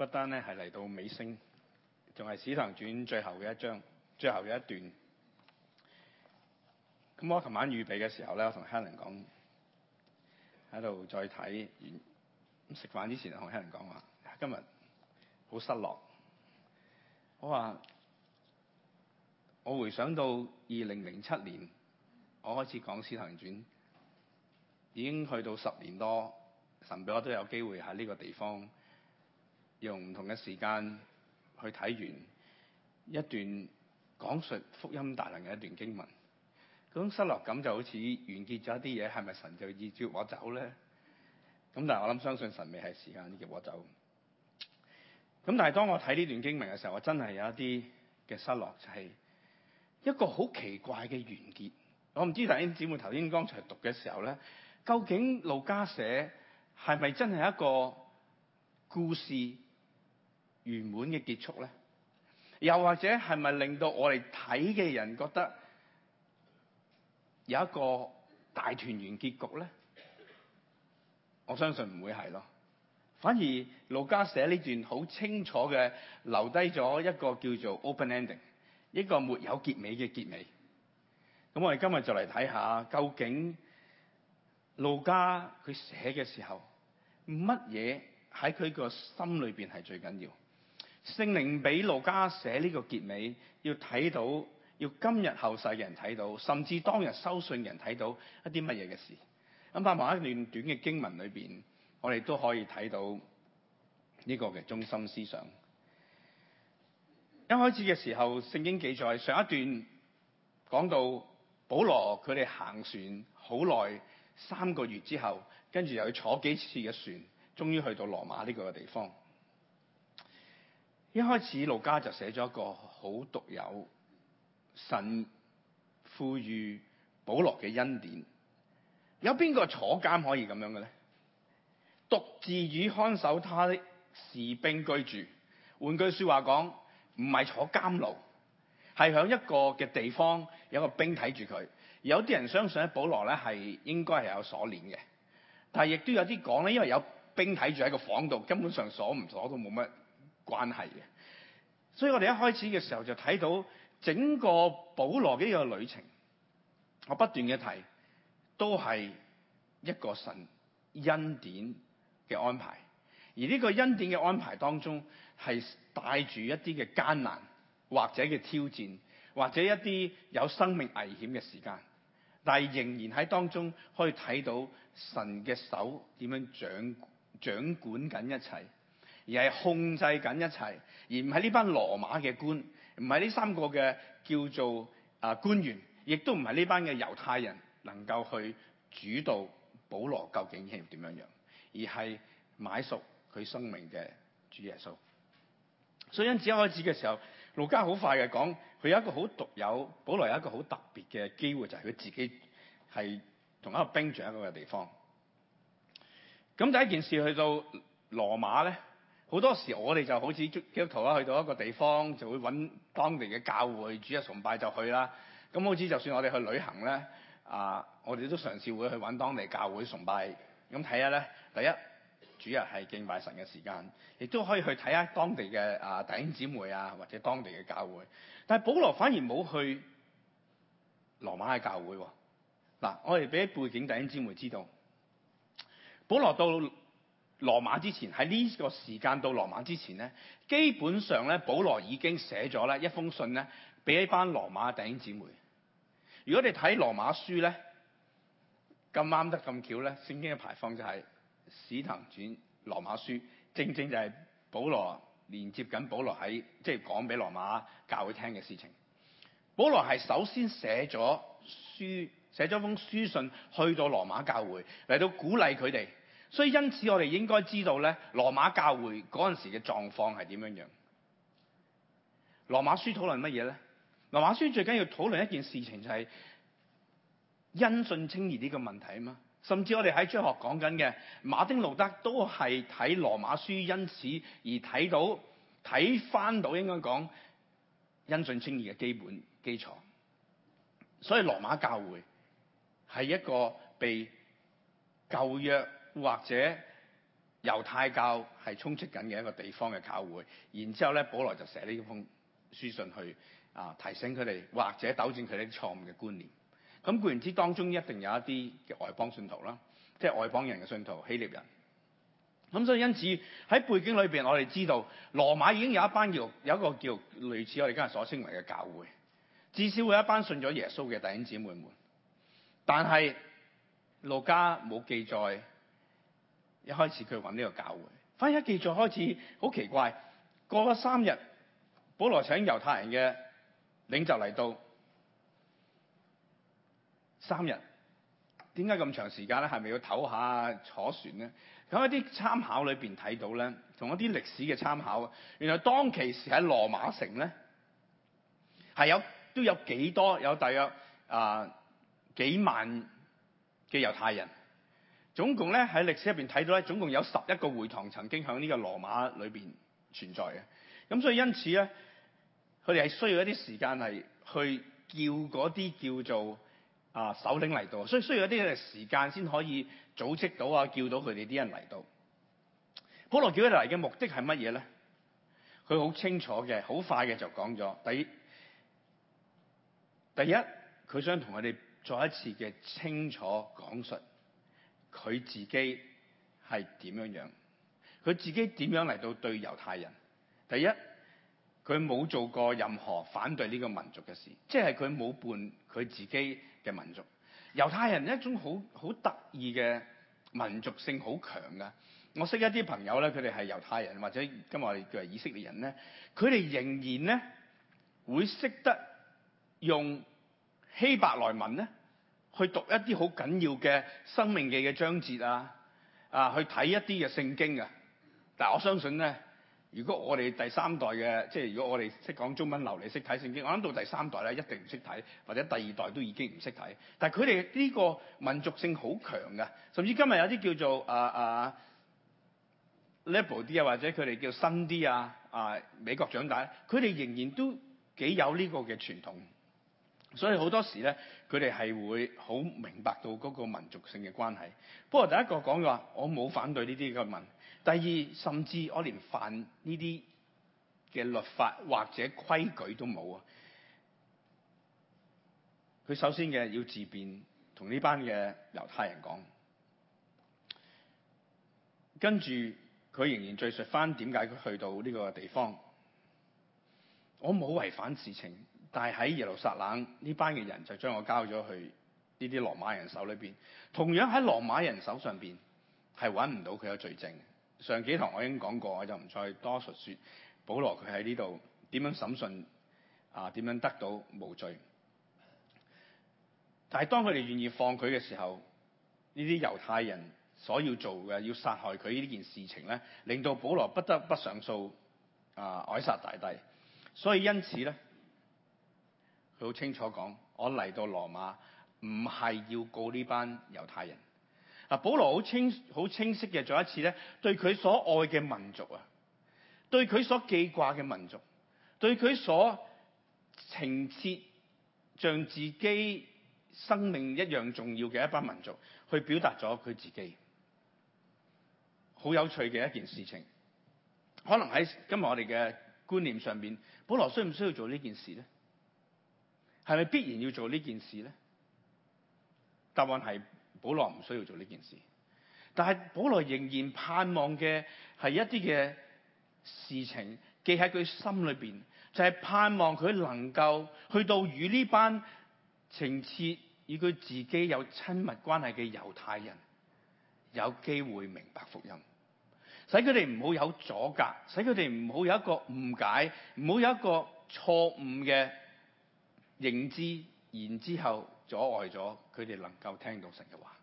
不單咧係嚟到尾聲，仲係《史藤傳使徒行傳》最後嘅一章，最後嘅一段。咁我琴晚預備嘅時候咧，我同 Helen 講，喺度再睇完。食飯之前同 Helen 講話，今日好失落。我話我回想到二零零七年，我開始講《使徒行傳》，已經去到十年多，神俾我都有機會喺呢個地方，用唔同嘅時間去睇完一段講述福音大能嘅一段經文，嗰種失落感就好似完結咗一啲嘢，係咪神就意要我走咧？咁但係我諗相信神未係時間要我走。咁但係當我睇呢段經文嘅時候，我真係有一啲嘅失落，就係一個好奇怪嘅完結。我唔知大家姊妹頭先剛才讀嘅時候咧，究竟路加寫係咪真係一個故事？完滿嘅結束咧，又或者係咪令到我哋睇嘅人覺得有一個大團圓結局咧？我相信唔會係咯，反而路加寫呢段好清楚嘅，留低咗一個叫做 open ending，一個沒有結尾嘅結尾。咁我哋今日就嚟睇下，究竟路加佢寫嘅時候，乜嘢喺佢個心裏邊係最緊要？聖靈俾路加寫呢個結尾，要睇到，要今日後世嘅人睇到，甚至當日收信人睇到一啲乜嘢嘅事。咁包括一段短嘅經文裏面，我哋都可以睇到呢個嘅中心思想。一開始嘅時候，聖經記載上一段講到保羅佢哋行船好耐，三個月之後，跟住又去坐幾次嘅船，終於去到羅馬呢個地方。一開始路加就寫咗一個好獨有神賦予保羅嘅恩典，有邊個坐監可以咁樣嘅咧？獨自與看守他的士兵居住。換句説話講，唔係坐監牢，係響一個嘅地方有個兵睇住佢。有啲人相信咧，保羅咧係應該係有鎖鏈嘅，但係亦都有啲講咧，因為有兵睇住喺個房度，根本上鎖唔鎖都冇乜關係嘅，所以我哋一開始嘅時候就睇到整個保羅嘅一個旅程，我不斷嘅提都係一個神恩典嘅安排。而呢個恩典嘅安排當中，係帶住一啲嘅艱難或者嘅挑戰，或者一啲有生命危險嘅時間，但係仍然喺當中可以睇到神嘅手點樣掌掌管緊一切。而係控制緊一切，而唔係呢班羅馬嘅官，唔係呢三個嘅叫做啊官員，亦都唔係呢班嘅猶太人能夠去主導保羅究竟係點樣樣，而係買熟佢生命嘅主耶穌。所以因此一開始嘅時候，路加好快嘅講，佢有一個好獨有，保羅有一個好特別嘅機會，就係、是、佢自己係同一個兵長喺一個地方。咁第一件事去到羅馬咧。好多時我哋就好似基督徒去到一個地方就會揾當地嘅教會，主日崇拜就去啦。咁好似就算我哋去旅行咧，啊，我哋都嘗試會去揾當地教會崇拜，咁睇下咧。第一，主日係敬拜神嘅時間，亦都可以去睇下當地嘅啊弟兄姊妹啊，或者當地嘅教會。但係保羅反而冇去羅馬嘅教會喎。嗱，啊，我哋俾背景弟兄姊妹知道，保羅到。羅馬之前喺呢個時間到羅馬之前咧，基本上咧保羅已經寫咗咧一封信咧俾一班羅馬嘅弟兄姊妹。如果你睇羅馬書咧，咁啱得咁巧咧，聖經嘅排放就係使徒行傳、羅馬書，正正就係保羅連接緊保羅喺即係講俾羅馬教會聽嘅事情。保羅係首先寫咗書，寫咗封書信去到羅馬教會嚟到鼓勵佢哋。所以因此，我哋應該知道咧，羅馬教會嗰陣時嘅狀況係點樣樣？羅馬書討論乜嘢咧？羅馬書最緊要討論一件事情就係、是、因信稱義呢個問題嘛。甚至我哋喺中學講緊嘅馬丁路德都係睇羅馬書，因此而睇到睇返到應該講因信稱義嘅基本基礎。所以羅馬教會係一個被舊約或者猶太教係充斥緊嘅一個地方嘅教會，然之後咧，保羅就寫呢封書信去啊，提醒佢哋，或者糾正佢哋一啲錯誤嘅觀念。咁固然之，當中一定有一啲嘅外邦信徒啦，即係外邦人嘅信徒希臘人。咁所以因此喺背景裏邊，我哋知道羅馬已經有一班叫有,有一個叫類似我哋今日所稱為嘅教會，至少會有一班信咗耶穌嘅弟兄姊妹們，但係路加冇記載。一開始佢揾呢個教會，反而一記載開始好奇怪，過咗三日，保羅請猶太人嘅領袖嚟到三日，點解咁長時間咧？係咪要唞下坐船咧？咁一啲參考裏邊睇到咧，同一啲歷史嘅參考，原來當其時喺羅馬城咧，係有都有幾多有大約啊幾萬嘅猶太人。總共咧喺歷史入面睇到咧，總共有十一個會堂曾經喺呢個羅馬裏面存在嘅。咁所以因此咧，佢哋係需要一啲時間係去叫嗰啲叫做啊首領嚟到，所以需要一啲嘅時間先可以組織到啊，叫到佢哋啲人嚟到。保羅叫佢哋嚟嘅目的係乜嘢咧？佢好清楚嘅，好快嘅就講咗。第第一，佢想同佢哋再一次嘅清楚講述。佢自己係點樣樣？佢自己點樣嚟到對猶太人？第一，佢冇做過任何反對呢個民族嘅事，即係佢冇叛佢自己嘅民族。猶太人一種好好得意嘅民族性好強噶。我識一啲朋友咧，佢哋係猶太人或者今日我哋叫係以色列人咧，佢哋仍然咧會識得用希伯來文咧。去讀一啲好緊要嘅生命嘅嘅章節啊啊，去睇一啲嘅聖經啊，但我相信咧，如果我哋第三代嘅，即係如果我哋識講中文流利識睇聖經，我諗到第三代咧一定唔識睇，或者第二代都已經唔識睇。但佢哋呢個民族性好強㗎，甚至今日有啲叫做啊啊 level 啲啊，或者佢哋叫新啲啊啊美國長大，佢哋仍然都幾有呢個嘅傳統。所以好多時咧，佢哋係會好明白到嗰個民族性嘅關係。不過第一個講嘅話，我冇反對呢啲嘅民；第二，甚至我連犯呢啲嘅律法或者規矩都冇啊。佢首先嘅要自辯，同呢班嘅猶太人講，跟住佢仍然敍述翻點解佢去到呢個地方。我冇違反事情。但係喺耶路撒冷呢班嘅人就將我交咗去呢啲羅馬人手裏邊，同樣喺羅馬人手上邊係揾唔到佢有罪證。上幾堂我已經講過，我就唔再多述説。保羅佢喺呢度點樣審訊啊？點樣得到無罪？但係當佢哋願意放佢嘅時候，呢啲猶太人所要做嘅要殺害佢呢件事情咧，令到保羅不得不上訴啊凱撒大帝。所以因此咧。佢好清楚講，我嚟到羅馬唔係要告呢班猶太人。嗱，保羅好清好清晰嘅，再一次咧，對佢所愛嘅民族啊，對佢所記掛嘅民族，對佢所，所情切像自己生命一樣重要嘅一班民族，去表達咗佢自己好有趣嘅一件事情。可能喺今日我哋嘅觀念上面，保羅需唔需要做呢件事咧？係咪必然要做呢件事咧？答案係保羅唔需要做呢件事，但係保羅仍然盼望嘅係一啲嘅事情記喺佢心裏邊，就係、是、盼望佢能夠去到與呢班情切與佢自己有親密關係嘅猶太人，有機會明白福音，使佢哋唔好有阻隔，使佢哋唔好有一個誤解，唔好有一個錯誤嘅。認知，然之後阻礙咗佢哋能夠聽到神嘅話。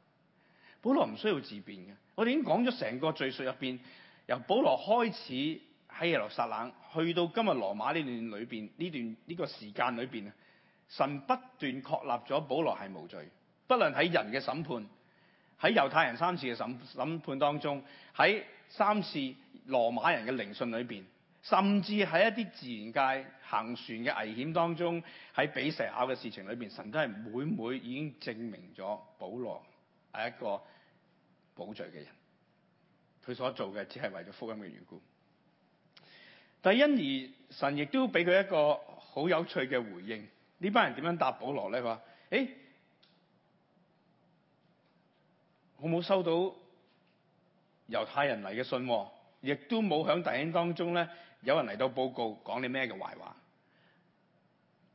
保羅唔需要自辯嘅，我哋已經講咗成個罪述入邊，由保羅開始喺耶路撒冷，去到今日羅馬呢段裏邊，呢段呢個時間裏邊啊，神不斷確立咗保羅係無罪，不論喺人嘅審判，喺猶太人三次嘅審審判當中，喺三次羅馬人嘅聆訊裏邊。甚至喺一啲自然界行船嘅危險當中，喺俾蛇咬嘅事情裏邊，神都係每每已經證明咗，保羅係一個保罪嘅人。佢所做嘅只係為咗福音嘅緣故。但因而神亦都俾佢一個好有趣嘅回應，呢班人點樣答保羅咧？佢話：，誒、欸，我冇收到猶太人嚟嘅信，亦都冇響弟兄當中咧。有人嚟到報告講你咩嘅壞話？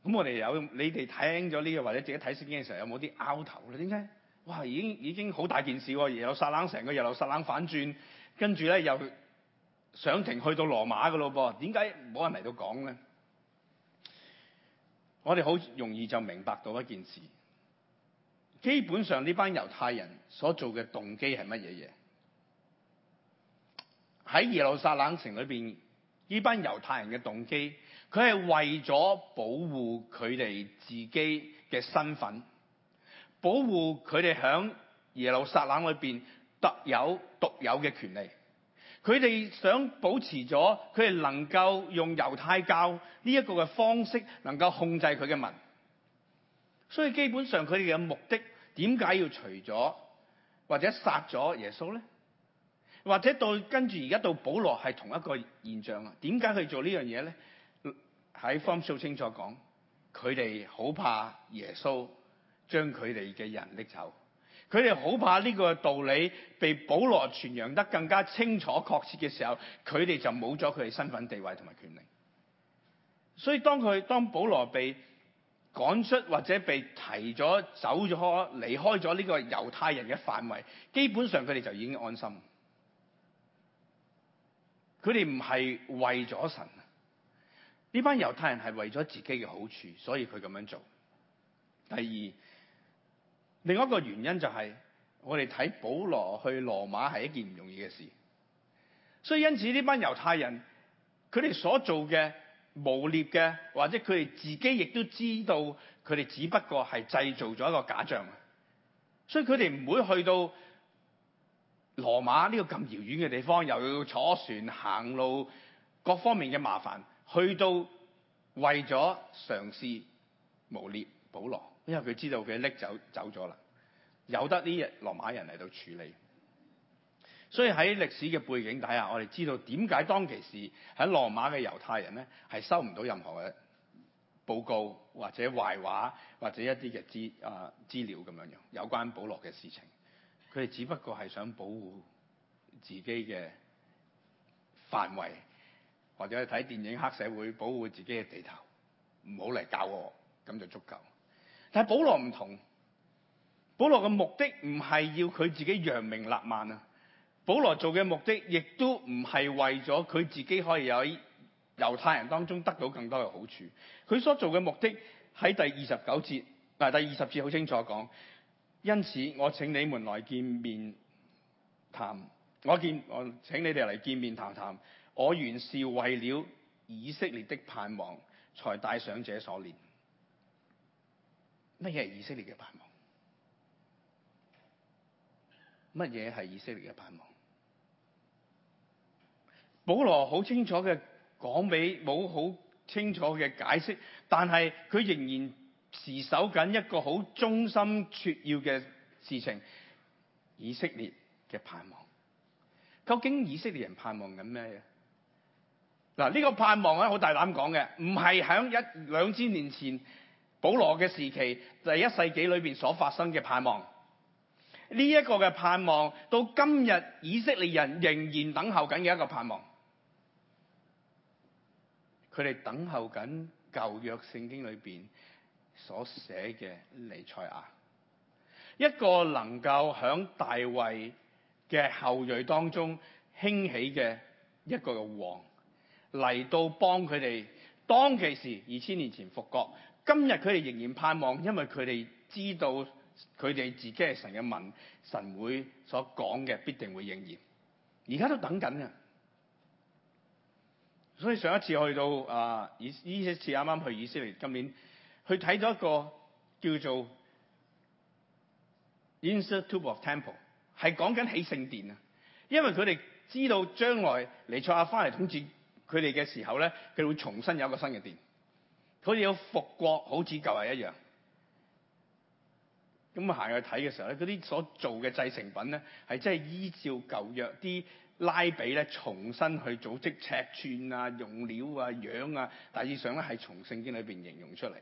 咁我哋有你哋睇咗呢個或者自己睇聖經嘅時候，有冇啲拗頭咧？點解？哇！已經已經好大件事，耶路撒冷成個耶路撒冷反轉，跟住咧又上庭去到羅馬嘅咯噃？點解冇人嚟到講咧？我哋好容易就明白到一件事，基本上呢班猶太人所做嘅動機係乜嘢嘢？喺耶路撒冷城裏邊。呢班猶太人嘅動機，佢係為咗保護佢哋自己嘅身份，保護佢哋喺耶路撒冷裏面特有獨有嘅權利。佢哋想保持咗，佢哋能夠用猶太教呢一個嘅方式，能夠控制佢嘅民。所以基本上，佢哋嘅目的點解要除咗或者殺咗耶穌咧？或者到跟住而家到保羅係同一個現象啊？點解去做呢樣嘢咧？喺方少清所講，佢哋好怕耶穌將佢哋嘅人拎走，佢哋好怕呢個道理被保羅傳揚得更加清楚確切嘅時候，佢哋就冇咗佢哋身份地位同埋權力。所以當佢當保羅被趕出或者被提咗走咗離開咗呢個猶太人嘅範圍，基本上佢哋就已經安心。佢哋唔係為咗神，呢班猶太人係為咗自己嘅好處，所以佢咁樣做。第二，另外一個原因就係、是、我哋睇保羅去羅馬係一件唔容易嘅事，所以因此呢班猶太人佢哋所做嘅誣衊嘅，或者佢哋自己亦都知道佢哋只不過係製造咗一個假象，所以佢哋唔會去到。羅馬呢個咁遙遠嘅地方，又要坐船行路，各方面嘅麻煩，去到為咗嘗試謀獵保羅，因為佢知道佢匿走走咗啦，由得呢啲羅馬人嚟到處理。所以喺歷史嘅背景底下，我哋知道點解當其時喺羅馬嘅猶太人咧，係收唔到任何嘅報告或者壞話或者一啲嘅資啊資料咁樣樣有關保羅嘅事情。佢哋只不過係想保護自己嘅範圍，或者係睇電影黑社會保護自己嘅地頭，唔好嚟搞我，咁就足夠。但係保羅唔同，保羅嘅目的唔係要佢自己揚名立萬啊！保羅做嘅目的亦都唔係為咗佢自己可以喺猶太人當中得到更多嘅好處。佢所做嘅目的喺第二十九節，第二十節好清楚講。因此我我，我請你們嚟見面談。我見我，請你哋嚟見面談談。我原是為了以色列的盼望，才帶上這鎖鏈。乜嘢係以色列嘅盼望？乜嘢係以色列嘅盼望？保羅好清楚嘅講俾，冇好清楚嘅解釋，但係佢仍然。持守緊一個好忠心、重要嘅事情，以色列嘅盼望。究竟以色列人盼望緊咩嘢？嗱，呢個盼望咧，好大膽講嘅，唔係響一兩千年前保羅嘅時期第一世紀裏邊所發生嘅盼望。呢、這、一個嘅盼望，到今日以色列人仍然等候緊嘅一個盼望。佢哋等候緊舊約聖經裏邊。所寫嘅彌賽亞，一個能夠喺大衛嘅後裔當中興起嘅一個王嚟到幫佢哋。當其時二千年前復國，今日佢哋仍然盼望，因為佢哋知道佢哋自己係神嘅民，神會所講嘅必定會應驗。而家都等緊嘅。所以上一次去到啊，以呢一次啱啱去以色列，今年。佢睇咗一個叫做 Insert Tube of Temple，係講緊起聖殿啊！因為佢哋知道將來彌賽亞翻嚟統治佢哋嘅時候咧，佢會重新有一個新嘅殿，佢哋有復國好似舊日一樣。咁啊行去睇嘅時候咧，嗰啲所做嘅製成品咧，係真係依照舊約啲拉比咧重新去組織尺寸啊、用料啊、樣啊，大致上咧係從聖經裏面形容出嚟。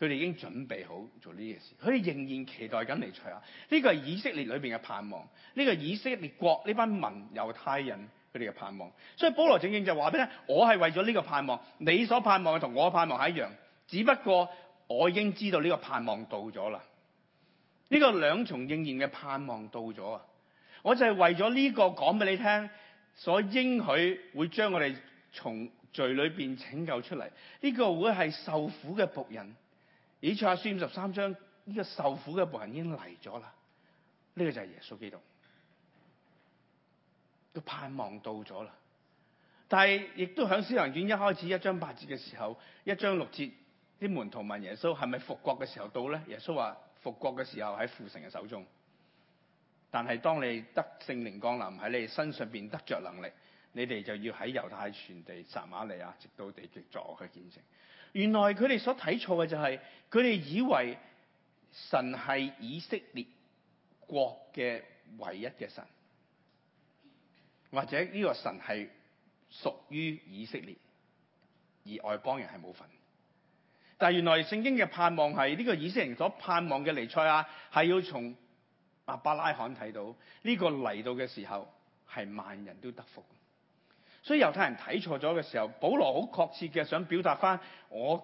佢哋已經準備好做呢件事，佢哋仍然期待緊嚟除啊！呢個係以色列裏邊嘅盼望，呢個以色列國呢班民猶太人佢哋嘅盼望。所以保羅正應就話俾你聽，我係為咗呢個盼望，你所盼望嘅同我盼望係一樣，只不過我已經知道呢個盼望到咗啦。呢個兩重應驗嘅盼望到咗啊！我就係為咗呢個講俾你聽，所應許會將我哋從罪裏邊拯救出嚟。呢個會係受苦嘅僕人。以賽亞書五十三章，呢、這個受苦嘅僕人已經嚟咗啦。呢、這個就係耶穌基督，佢盼望到咗啦。但係亦都響《使徒行傳》一開始一章八節嘅時候，一章六節，啲門徒問耶穌係咪復國嘅時候到咧？耶穌話復國嘅時候喺父神嘅手中。但係當你得聖靈降臨喺你身上邊得着能力，你哋就要喺猶太全地撒瑪利亞直到地極作去見證。原來佢哋所睇錯嘅就係佢哋以為神係以色列國嘅唯一嘅神，或者呢個神係屬於以色列，而外邦人係冇份。但係原來聖經嘅盼望係呢個以色列人所盼望嘅彌賽亞係要從亞伯拉罕睇到呢個嚟到嘅時候係萬人都得福。所以猶太人睇錯咗嘅時候，保羅好確切嘅想表達返，我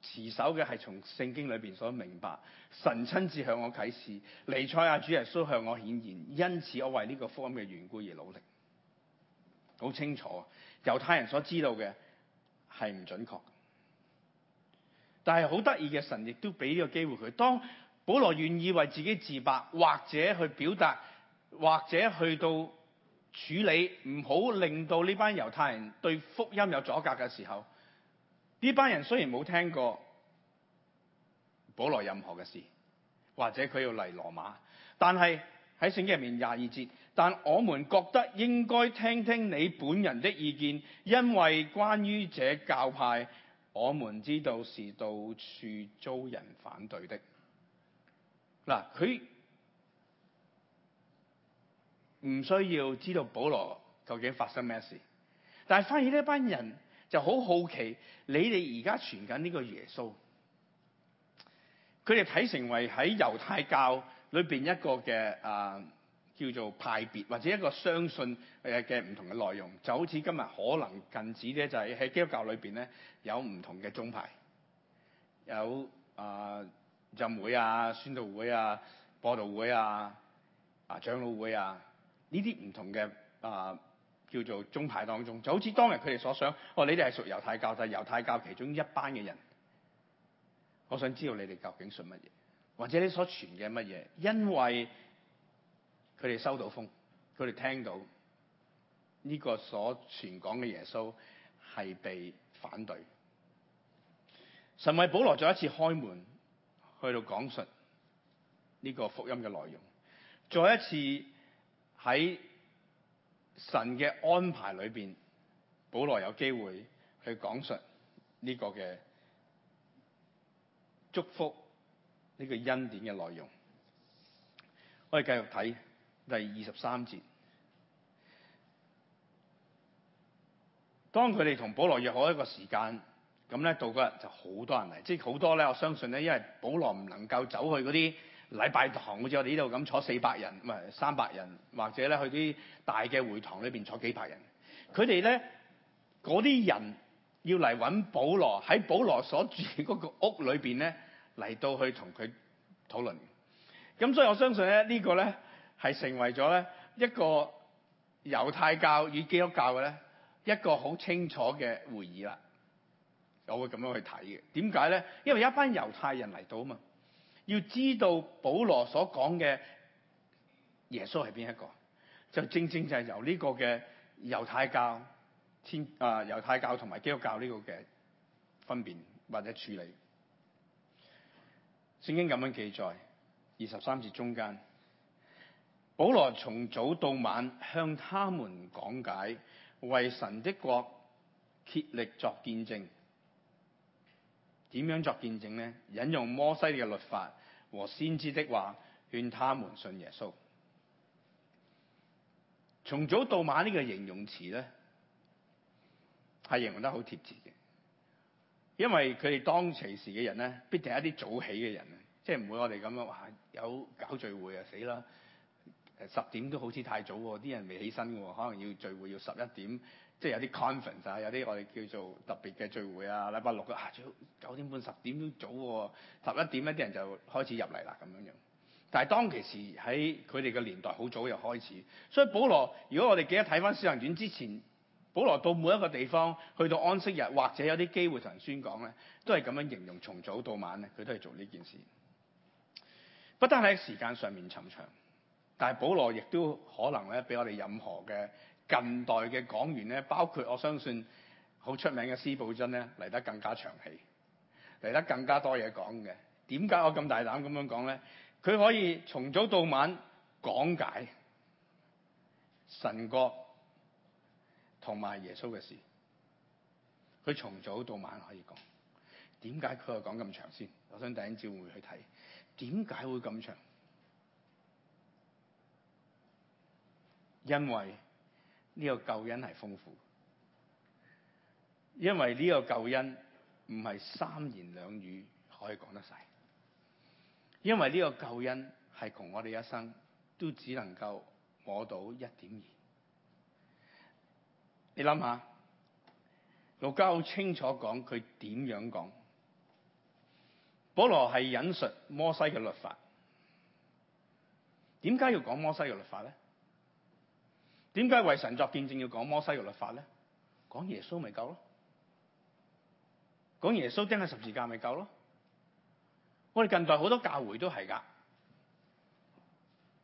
持守嘅係從聖經裏面所明白，神親自向我啟示，尼賽亞主耶穌向我顯現，因此我為呢個福音嘅緣故而努力。好清楚，猶太人所知道嘅係唔準確，但係好得意嘅神亦都俾呢個機會佢。當保羅願意為自己自白，或者去表達，或者去到。處理唔好令到呢班猶太人對福音有阻隔嘅時候，呢班人雖然冇聽過保羅任何嘅事，或者佢要嚟羅馬，但係喺聖經入面廿二節，但我們覺得應該聽聽你本人的意見，因為關於這教派，我們知道是到處遭人反對的。嗱，佢。唔需要知道保羅究竟發生咩事，但係反而呢一班人就好好奇，你哋而家傳緊呢個耶穌，佢哋睇成爲喺猶太教裏邊一個嘅啊，叫做派別或者一個相信嘅嘅唔同嘅內容，就好似今日可能近似咧就係喺基督教裏邊咧有唔同嘅宗派有、有、啊、誒浸會啊宣道會啊播道會啊啊長老會啊。呢啲唔同嘅啊、呃，叫做宗派當中，就好似當日佢哋所想，哦，你哋係屬猶太教，就係猶太教其中一班嘅人，我想知道你哋究竟信乜嘢，或者你所傳嘅乜嘢，因為佢哋收到風，佢哋聽到呢個所傳講嘅耶穌係被反對。神為保羅再一次開門，去到講述呢個福音嘅內容，再一次。喺神嘅安排裏邊，保羅有機會去講述呢個嘅祝福，呢個恩典嘅內容。我哋繼續睇第二十三節。當佢哋同保羅約好一個時間，咁咧到嗰日就好多人嚟，即係好多咧。我相信咧，因為保羅唔能夠走去嗰啲。禮拜堂好似我哋呢度咁，坐四百人，唔係三百人，或者咧去啲大嘅會堂裏邊坐幾百人。佢哋咧，嗰啲人要嚟揾保羅，喺保羅所住嗰個屋裏邊咧，嚟到去同佢討論。咁所以我相信咧，這個、呢個咧係成為咗咧一個猶太教與基督教嘅咧一個好清楚嘅會議啦。我會咁樣去睇嘅。點解咧？因為一班猶太人嚟到啊嘛。要知道保羅所講嘅耶穌係邊一個，就正正就係由呢個嘅猶太教天啊，猶太教同埋基督教呢個嘅分別或者處理。聖經咁樣記載，二十三節中間，保羅從早到晚向他們講解，為神的國竭力作見證。點樣作見證咧？引用摩西嘅律法。和先知的話，勸他們信耶穌。從早到晚呢個形容詞咧，係形容得好貼切嘅，因為佢哋當其時嘅人咧，必定係一啲早起嘅人，即係唔會我哋咁樣話有搞聚會啊死啦！誒十點都好似太早喎，啲人未起身喎，可能要聚會要十一點。即係有啲 conference 啊，有啲我哋叫做特別嘅聚會星期啊，禮拜六啊，九點半、十點都早喎，十一點一啲人就開始入嚟啦咁樣。但係當其時喺佢哋嘅年代好早就開始，所以保羅如果我哋記得睇翻《使徒行傳》之前，保羅到每一個地方去到安息日或者有啲機會同人宣講咧，都係咁樣形容從早到晚咧，佢都係做呢件事。不單係喺時間上面尋長，但係保羅亦都可能咧，俾我哋任何嘅。近代嘅講員咧，包括我相信好出名嘅司布真咧，嚟得更加長氣，嚟得更加多嘢講嘅。點解我咁大膽咁樣講咧？佢可以從早到晚講解神國同埋耶穌嘅事，佢從早到晚可以講。點解佢又講咁長先？我想第一朝會去睇，點解會咁長？因為。呢個救恩係豐富，因為呢個救恩唔係三言兩語可以講得晒。因為呢個救恩係同我哋一生都只能夠摸到一點二。你諗下，路加好清楚講佢點樣講。保羅係引述摩西嘅律法，點解要講摩西嘅律法咧？點解為神作見證要講摩西嘅律法咧？講耶穌咪夠咯？講耶穌釘喺十字架咪夠咯？我哋近代好多教會都係噶。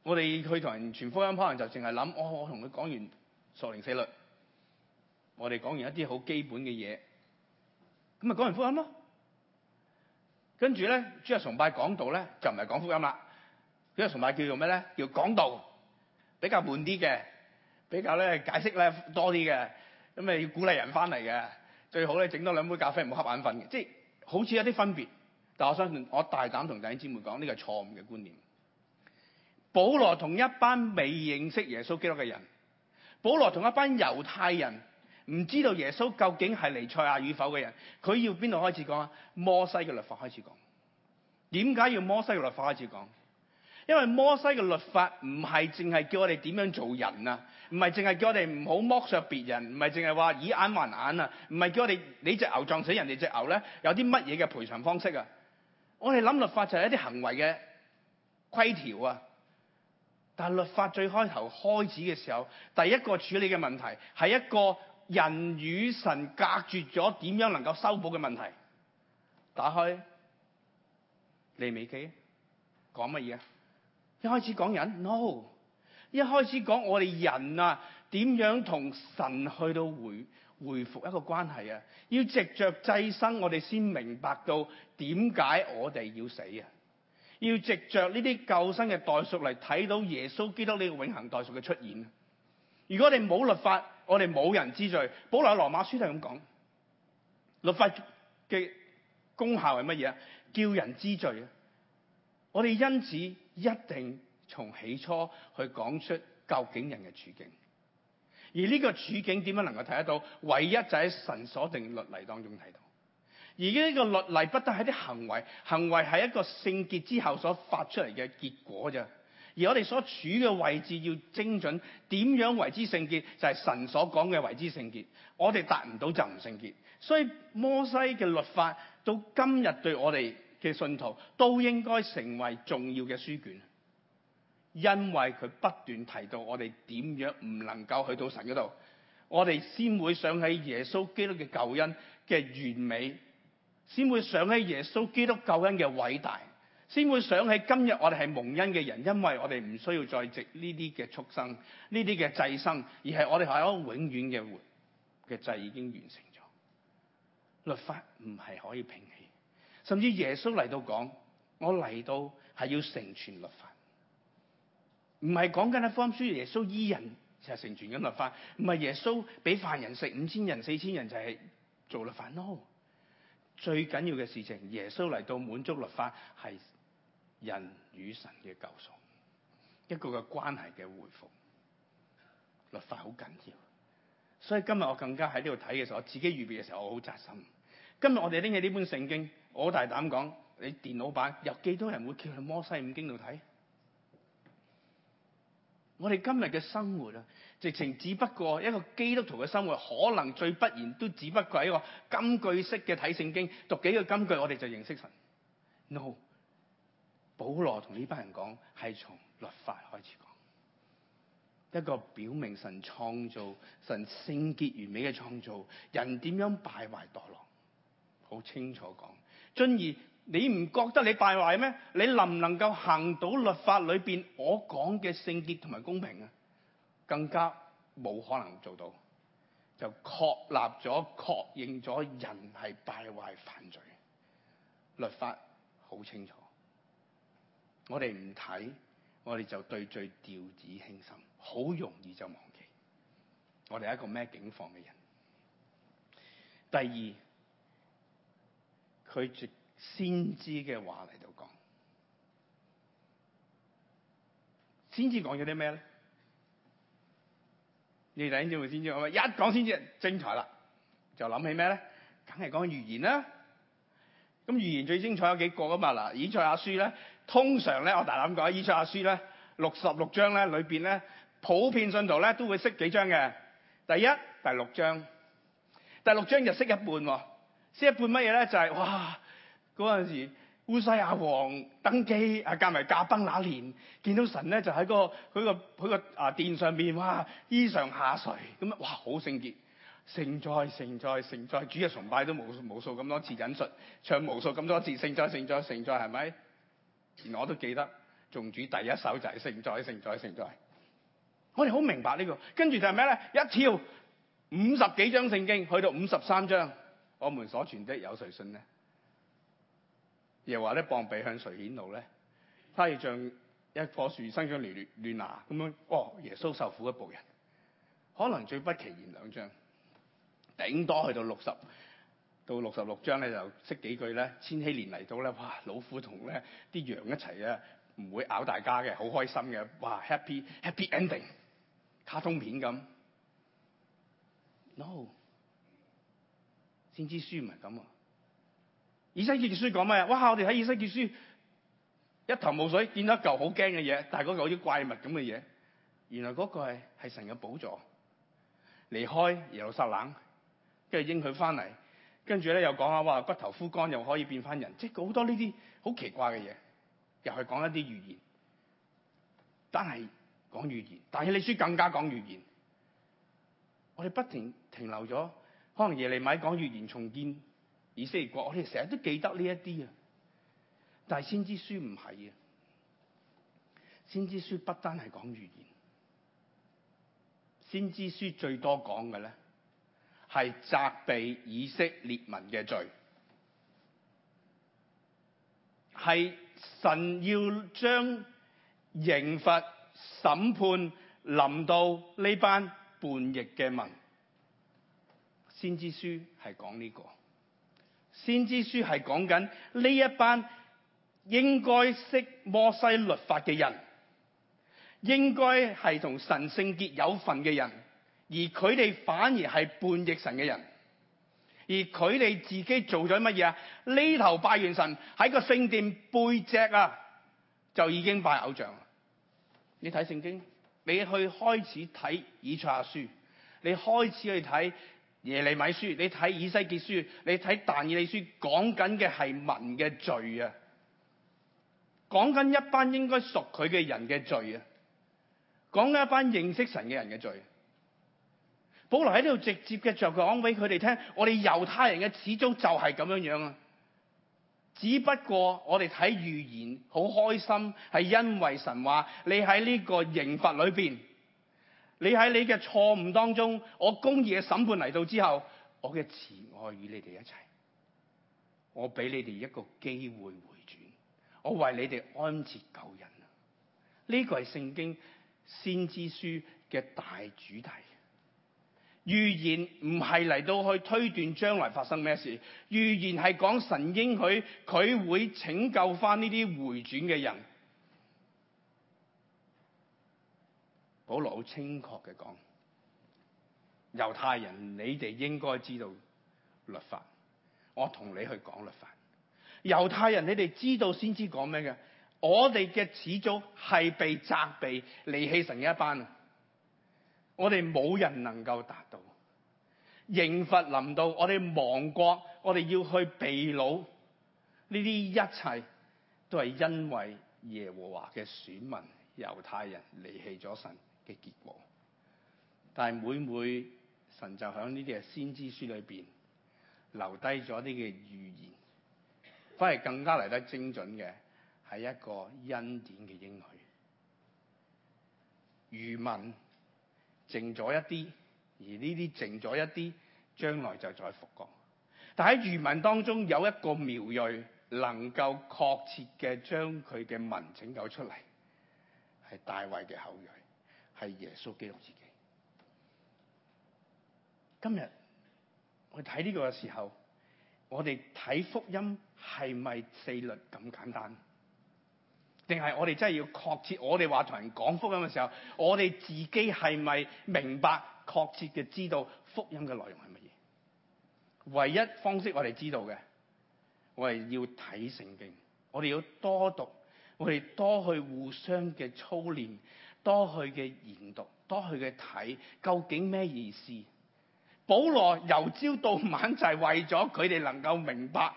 我哋去同人傳福音可能就淨係諗，我我同佢講完屬靈四律，我哋講完一啲好基本嘅嘢，咁咪講完福音咯。跟住咧，主日崇拜講道咧就唔係講福音啦。主日崇拜叫做咩咧？叫講道，比較悶啲嘅。比較咧解釋咧多啲嘅，咁咪要鼓勵人翻嚟嘅。最好咧整多，多兩杯咖啡，唔好瞌眼瞓嘅。即係好似有啲分別，但我相信我大膽同弟兄姊妹講，呢個係錯誤嘅觀念。保羅同一班未認識耶穌基督嘅人，保羅同一班猶太人，唔知道耶穌究竟係彌賽亞與否嘅人，佢要邊度開始講啊？摩西嘅律法開始講。點解要摩西嘅律法開始講？因為摩西嘅律法唔係淨係叫我哋點樣做人啊！唔係淨係叫我哋唔好剝削別人，唔係淨係話以眼還眼啊！唔係叫我哋你隻牛撞死人哋隻牛咧，有啲乜嘢嘅賠償方式啊？我哋諗律法就係一啲行為嘅規條啊！但係律法最開頭開始嘅時候，第一個處理嘅問題係一個人與神隔絕咗點樣能夠修補嘅問題。打開利未記講乜嘢？一開始講人，No。一開始講我哋人啊，點樣同神去到回回復一個關係啊？要藉着祭牲，我哋先明白到點解我哋要死啊？要藉着呢啲救生嘅代贖嚟睇到耶穌基督呢個永恒代贖嘅出現。如果你冇律法，我哋冇人之罪。保羅喺羅馬書都係咁講，律法嘅功效係乜嘢？叫人知罪啊！我哋因此一定。從起初去講出究竟人嘅處境，而呢個處境點樣能夠睇得到？唯一就喺神所定律例當中睇到。而呢個律例不得喺啲行為，行為係一個聖潔之後所發出嚟嘅結果啫。而我哋所處嘅位置要精準，點樣為之聖潔？就係神所講嘅為之聖潔。我哋達唔到就唔聖潔。所以摩西嘅律法到今日對我哋嘅信徒都應該成為重要嘅書卷。因為佢不斷提到我哋點樣唔能夠去到神度，我哋先會想起耶穌基督嘅救恩嘅完美，先會想起耶穌基督救恩嘅偉大，先會想起今日我哋係蒙恩嘅人，因為我哋唔需要再值呢啲嘅畜生、呢啲嘅祭牲，而係我哋係一個永遠嘅活嘅祭已經完成咗。律法唔係可以平棄，甚至耶穌嚟到講，我嚟到係要成全律法。唔係講緊福音書耶穌醫人就是成全咁律法，唔係耶穌俾犯人食五千人四千人就係做律法咯。No! 最緊要嘅事情，耶穌嚟到滿足律法，係人與神嘅救贖，一個嘅關係嘅回復。律法好緊要，所以今日我更加喺呢度睇嘅時候，我自己預備嘅時候，我好扎心。今日我哋拎起呢本聖經，我好大膽講，你電腦版有幾多人會叫去摩西五經度睇？我哋今日嘅生活啊，直情只不過一個基督徒嘅生活，可能最不然都只不過一個金句式嘅睇聖經，讀幾個金句我哋就認識神。no，保羅同呢班人講，係從律法開始講，一個表明神創造、神聖潔完美嘅創造，人點樣敗壞墮落，好清楚講，遵你唔覺得你敗壞咩？你能唔能夠行到律法裏面我講嘅聖潔同埋公平啊？更加冇可能做到，就確，就確立咗、確認咗人係敗壞犯罪。律法好清楚我，我哋唔睇，我哋就對罪掉以輕心，好容易就忘記。我哋係一個咩警方嘅人？第二，佢絕先知嘅話嚟到講，先知講咗啲咩咧？你睇先知會先知係一講先知精彩啦，就諗起咩咧？梗係講預言啦。咁預言最精彩有幾個噶嘛？嗱，以賽亞書咧，通常咧我大膽講以賽亞書咧六十六章咧裏邊咧，普遍信徒咧都會識幾張嘅。第一第六章，第六章就識一半、哦，識一半乜嘢咧？就係、是、哇。嗰陣時，烏西亞王登基啊，加埋駕崩那年，見到神咧就喺個佢個佢個啊殿上面，哇衣裳下垂，咁啊哇好聖潔，聖哉聖哉聖哉主嘅崇拜都無數咁多次引述，唱無數咁多次聖哉聖哉聖哉係咪？連我都記得，仲主第一首就係聖哉聖哉聖哉。我哋好明白呢、這個，跟住就係咩咧？一跳五十幾章聖經，去到五十三章，我們所傳的有誰信呢？又話咧，膀臂向誰顯露咧？他要像一棵樹生咗嚟亂拿咁樣。哦，耶穌受苦一部人，可能最不期然兩章，頂多去到六十到六十六章咧，就識幾句咧。千禧年嚟到咧，哇！老虎同咧啲羊一齊啊，唔會咬大家嘅，好開心嘅。哇！Happy Happy Ending，卡通片咁。No，先知書唔係咁啊。以西結書講咩啊？哇！我哋喺以西結書一頭霧水，見到一嚿好驚嘅嘢，但係嗰嚿好似怪物咁嘅嘢。原來嗰個係係神嘅寶座。離開耶路撒冷，跟住應佢翻嚟，跟住咧又講下話，骨頭枯乾又可以變翻人，即係好多呢啲好奇怪嘅嘢。又係講一啲預言，但係講預言。但以理書更加講預言。我哋不停停留咗，可能耶利米講預言重建，以色列國，我哋成日都記得呢一啲啊。但係先知書唔係啊，先知書不單係講預言，先知書最多講嘅咧係責備以色列民嘅罪，係神要將刑罰審判臨到呢班叛逆嘅民。先知書係講呢個。先知書係講緊呢一班應該識摩西律法嘅人，應該係同神聖結有份嘅人，而佢哋反而係叛逆神嘅人，而佢哋自己做咗乜嘢啊？呢頭拜完神喺個聖殿背脊啊就已經拜偶像了。你睇聖經，你去開始睇以賽亞書，你開始去睇，耶利米書，你睇以西結書，你睇但以理書，講緊嘅係民嘅罪啊，講緊一班應該屬佢嘅人嘅罪啊，講緊一班認識神嘅人嘅罪。保羅喺呢度直接嘅着佢講俾佢哋聽，我哋猶太人嘅始終就係咁樣樣啊，只不過我哋睇預言好開心，係因為神話你喺呢個刑罰裏邊。你喺你嘅錯誤當中，我公義嘅審判嚟到之後，我嘅慈愛與你哋一齊，我俾你哋一個機會回轉，我為你哋安置救人，呢個係聖經先知書嘅大主題。預言唔係嚟到去推斷將來發生咩事，預言係講神應許佢，佢會拯救翻呢啲回轉嘅人。保羅好清確嘅講，猶太人你哋應該知道律法，我同你去講律法。猶太人你哋知道先知講咩嘅，我哋嘅始祖係被責備，離棄成一班。我哋冇人能夠達到，刑罰臨到我哋亡國，我哋要去被擄。呢啲一切都係因為耶和華嘅選民猶太人離棄咗神。嘅結果，但係每每神就響呢啲嘅先知書裏邊留低咗啲嘅預言，反而更加嚟得精準嘅係一個恩典嘅應許。餘民靜淨咗一啲，而呢啲淨咗一啲，將來就再復國。但係餘民當中有一個苗裔，能夠確切嘅將佢嘅文拯救出嚟，係大衛嘅後裔。係耶穌基督自己今天。今日我睇呢個嘅時候，我哋睇福音係咪四律咁簡單？定係我哋真係要確切？我哋話同人講福音嘅時候，我哋自己係咪明白確切嘅知道福音嘅內容係乜嘢？唯一方式我哋知道嘅，我哋要睇聖經，我哋要多讀，我哋多去互相嘅操練。多去嘅研讀，多去嘅睇，究竟咩意思？保羅由朝到晚就係為咗佢哋能夠明白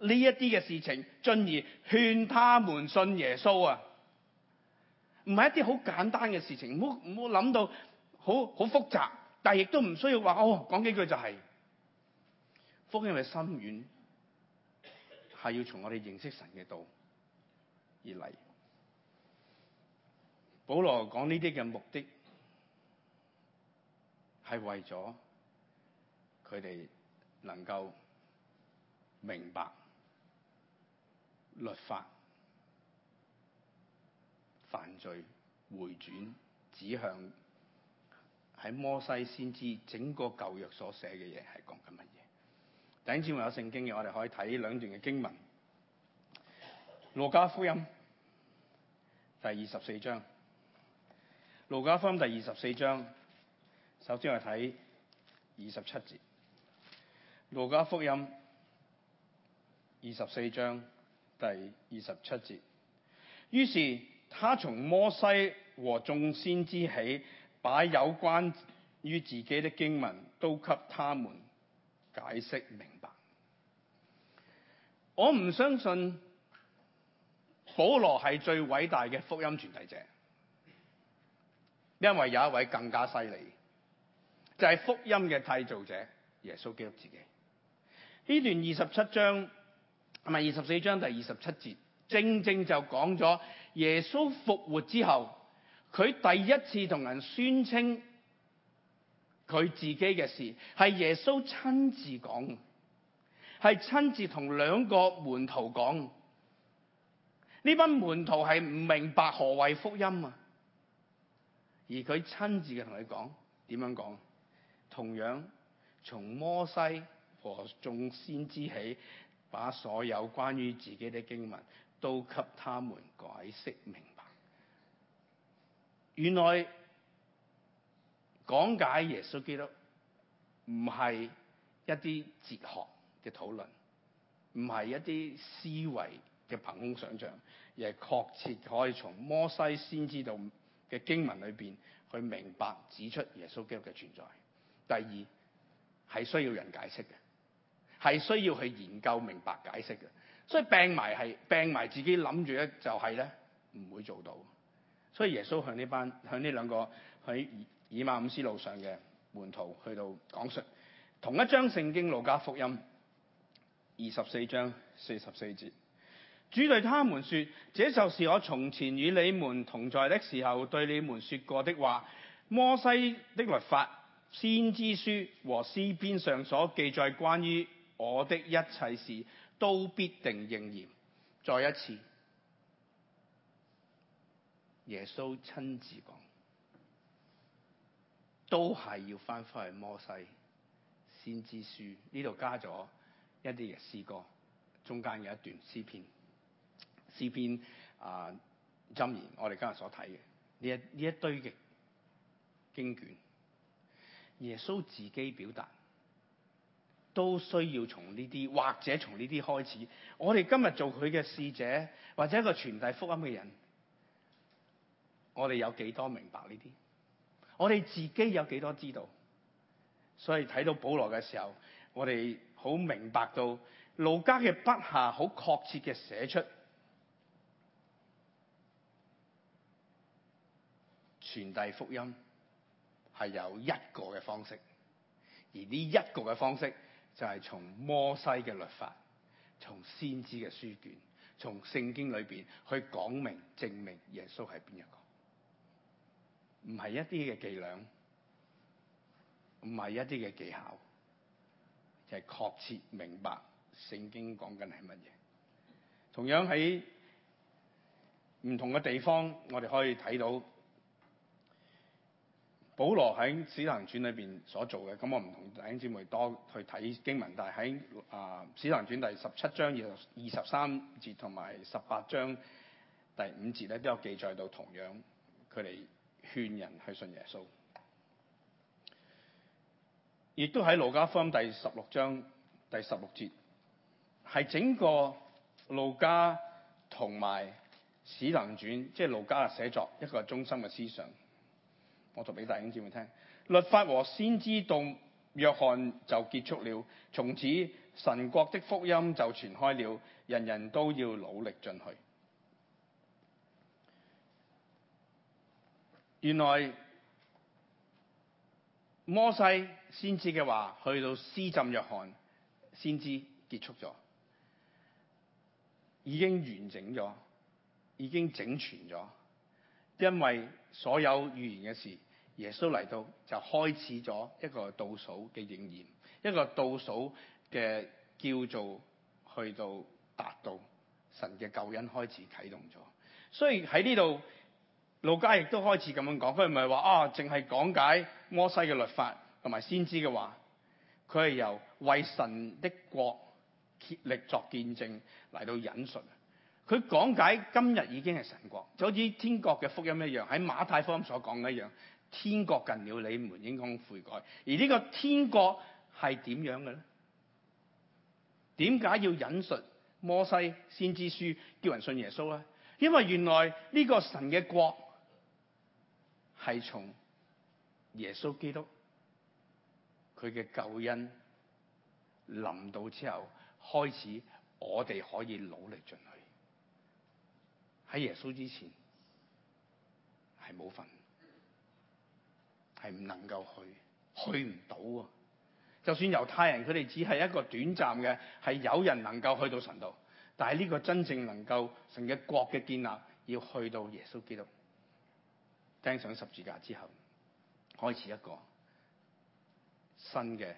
呢一啲嘅事情，進而勸他們信耶穌啊！唔係一啲好簡單嘅事情，唔好唔好諗到好好複雜，但係亦都唔需要話哦，講幾句就係、是、福音嘅深遠，係要從我哋認識神嘅道而嚟。保羅講呢啲嘅目的係為咗佢哋能夠明白律法、犯罪、回轉，指向喺摩西先知整個舊約所寫嘅嘢係講緊乜嘢？第一次有聖經嘅，我哋可以睇兩段嘅經文《路加福音》第二十四章。路加福音第二十四章，首先係睇二十七節。路加福音二十四章第二十七節，於是他從摩西和眾先知起，把有關於自己的經文都給他們解釋明白。我唔相信，保羅係最偉大嘅福音傳遞者。因為有一位更加犀利，就係、是、福音嘅締造者耶穌基督自己。呢段二十七章唔係二十四章第二十七節，正正就講咗耶穌復活之後，佢第一次同人宣稱佢自己嘅事，係耶穌親自講，係親自同兩個門徒講。呢班門徒係唔明白何謂福音啊！而佢親自嘅同你講，點樣講，同樣從摩西和眾先知起，把所有關於自己的經文都給他們解釋明白。原來講解耶穌基督唔係一啲哲學嘅討論，唔係一啲思維嘅憑空想象而係確切可以從摩西先知道。嘅經文裏面去明白指出耶穌基督嘅存在。第二係需要人解釋嘅，係需要去研究明白解釋嘅。所以病埋係病埋，自己諗住咧就係咧唔會做到的。所以耶穌向呢班向呢兩個喺以，以馬五斯路上嘅門徒去到講述同一章聖經，路加福音二十四章四十四節。主對他們說：這就是我從前與你們同在的時候對你們說過的話。摩西的律法、先知書和詩篇上所記載關於我的一切事，都必定應驗。再一次，耶穌親自講，都係要翻返去摩西、先知書呢度加咗一啲嘅詩歌，中間有一段詩篇。詩篇啊！箴言，我哋今日所睇嘅呢一呢一堆嘅經卷，耶穌自己表達都需要從呢啲，或者從呢啲開始。我哋今日做佢嘅使者，或者一個傳遞福音嘅人，我哋有幾多明白呢啲？我哋自己有幾多知道？所以睇到保羅嘅時候，我哋好明白到路加嘅筆下好確切嘅寫出。傳遞福音係有一個嘅方式，而呢一個嘅方式就係從摩西嘅律法，從先知嘅書卷，從聖經裏邊去講明，證明耶穌係邊一個，唔係一啲嘅伎倆，唔係一啲嘅技巧，就係、是、確切明白聖經講緊係乜嘢。同樣喺唔同嘅地方，我哋可以睇到。保羅喺《使徒行傳》裏邊所做嘅，咁我唔同弟兄姊妹多去睇經文，但係喺啊《使徒行傳》第十七章二十,二十三節同埋十八章第五節咧，都有記載到同樣佢哋勸人去信耶穌，亦都喺《路加福音》第十六章第十六節，係整個路加同埋《使徒行傳》，即係路加嘅寫作一個中心嘅思想。我讀俾弟兄姊妹聽，律法和先知到約翰就結束了，從此神國的福音就傳開了，人人都要努力進去。原來摩西先知嘅話去到施浸約翰先知結束咗，已經完整咗，已經整全咗，因為所有預言嘅事。耶穌嚟到就開始咗一個倒數嘅應驗，一個倒數嘅叫做去到達到神嘅救恩開始啟動咗。所以喺呢度路加亦都開始咁樣講，佢唔係話啊，淨係講解摩西嘅律法同埋先知嘅話，佢係由為神的國竭力作見證嚟到引述。佢講解今日已經係神國，就好似天國嘅福音一樣，喺馬太福音所講嘅一樣。天國近了，你們應該悔改。而呢個天國係點樣嘅咧？點解要引述摩西先知書叫人信耶穌咧？因為原來呢個神嘅國係從耶穌基督佢嘅救恩臨到之後開始，我哋可以努力進去。喺耶穌之前係冇份。係唔能夠去，去唔到啊。就算猶太人，佢哋只係一個短暫嘅，係有人能夠去到神度。但係呢個真正能夠成個國嘅建立，要去到耶穌基督釘上十字架之後，開始一個新嘅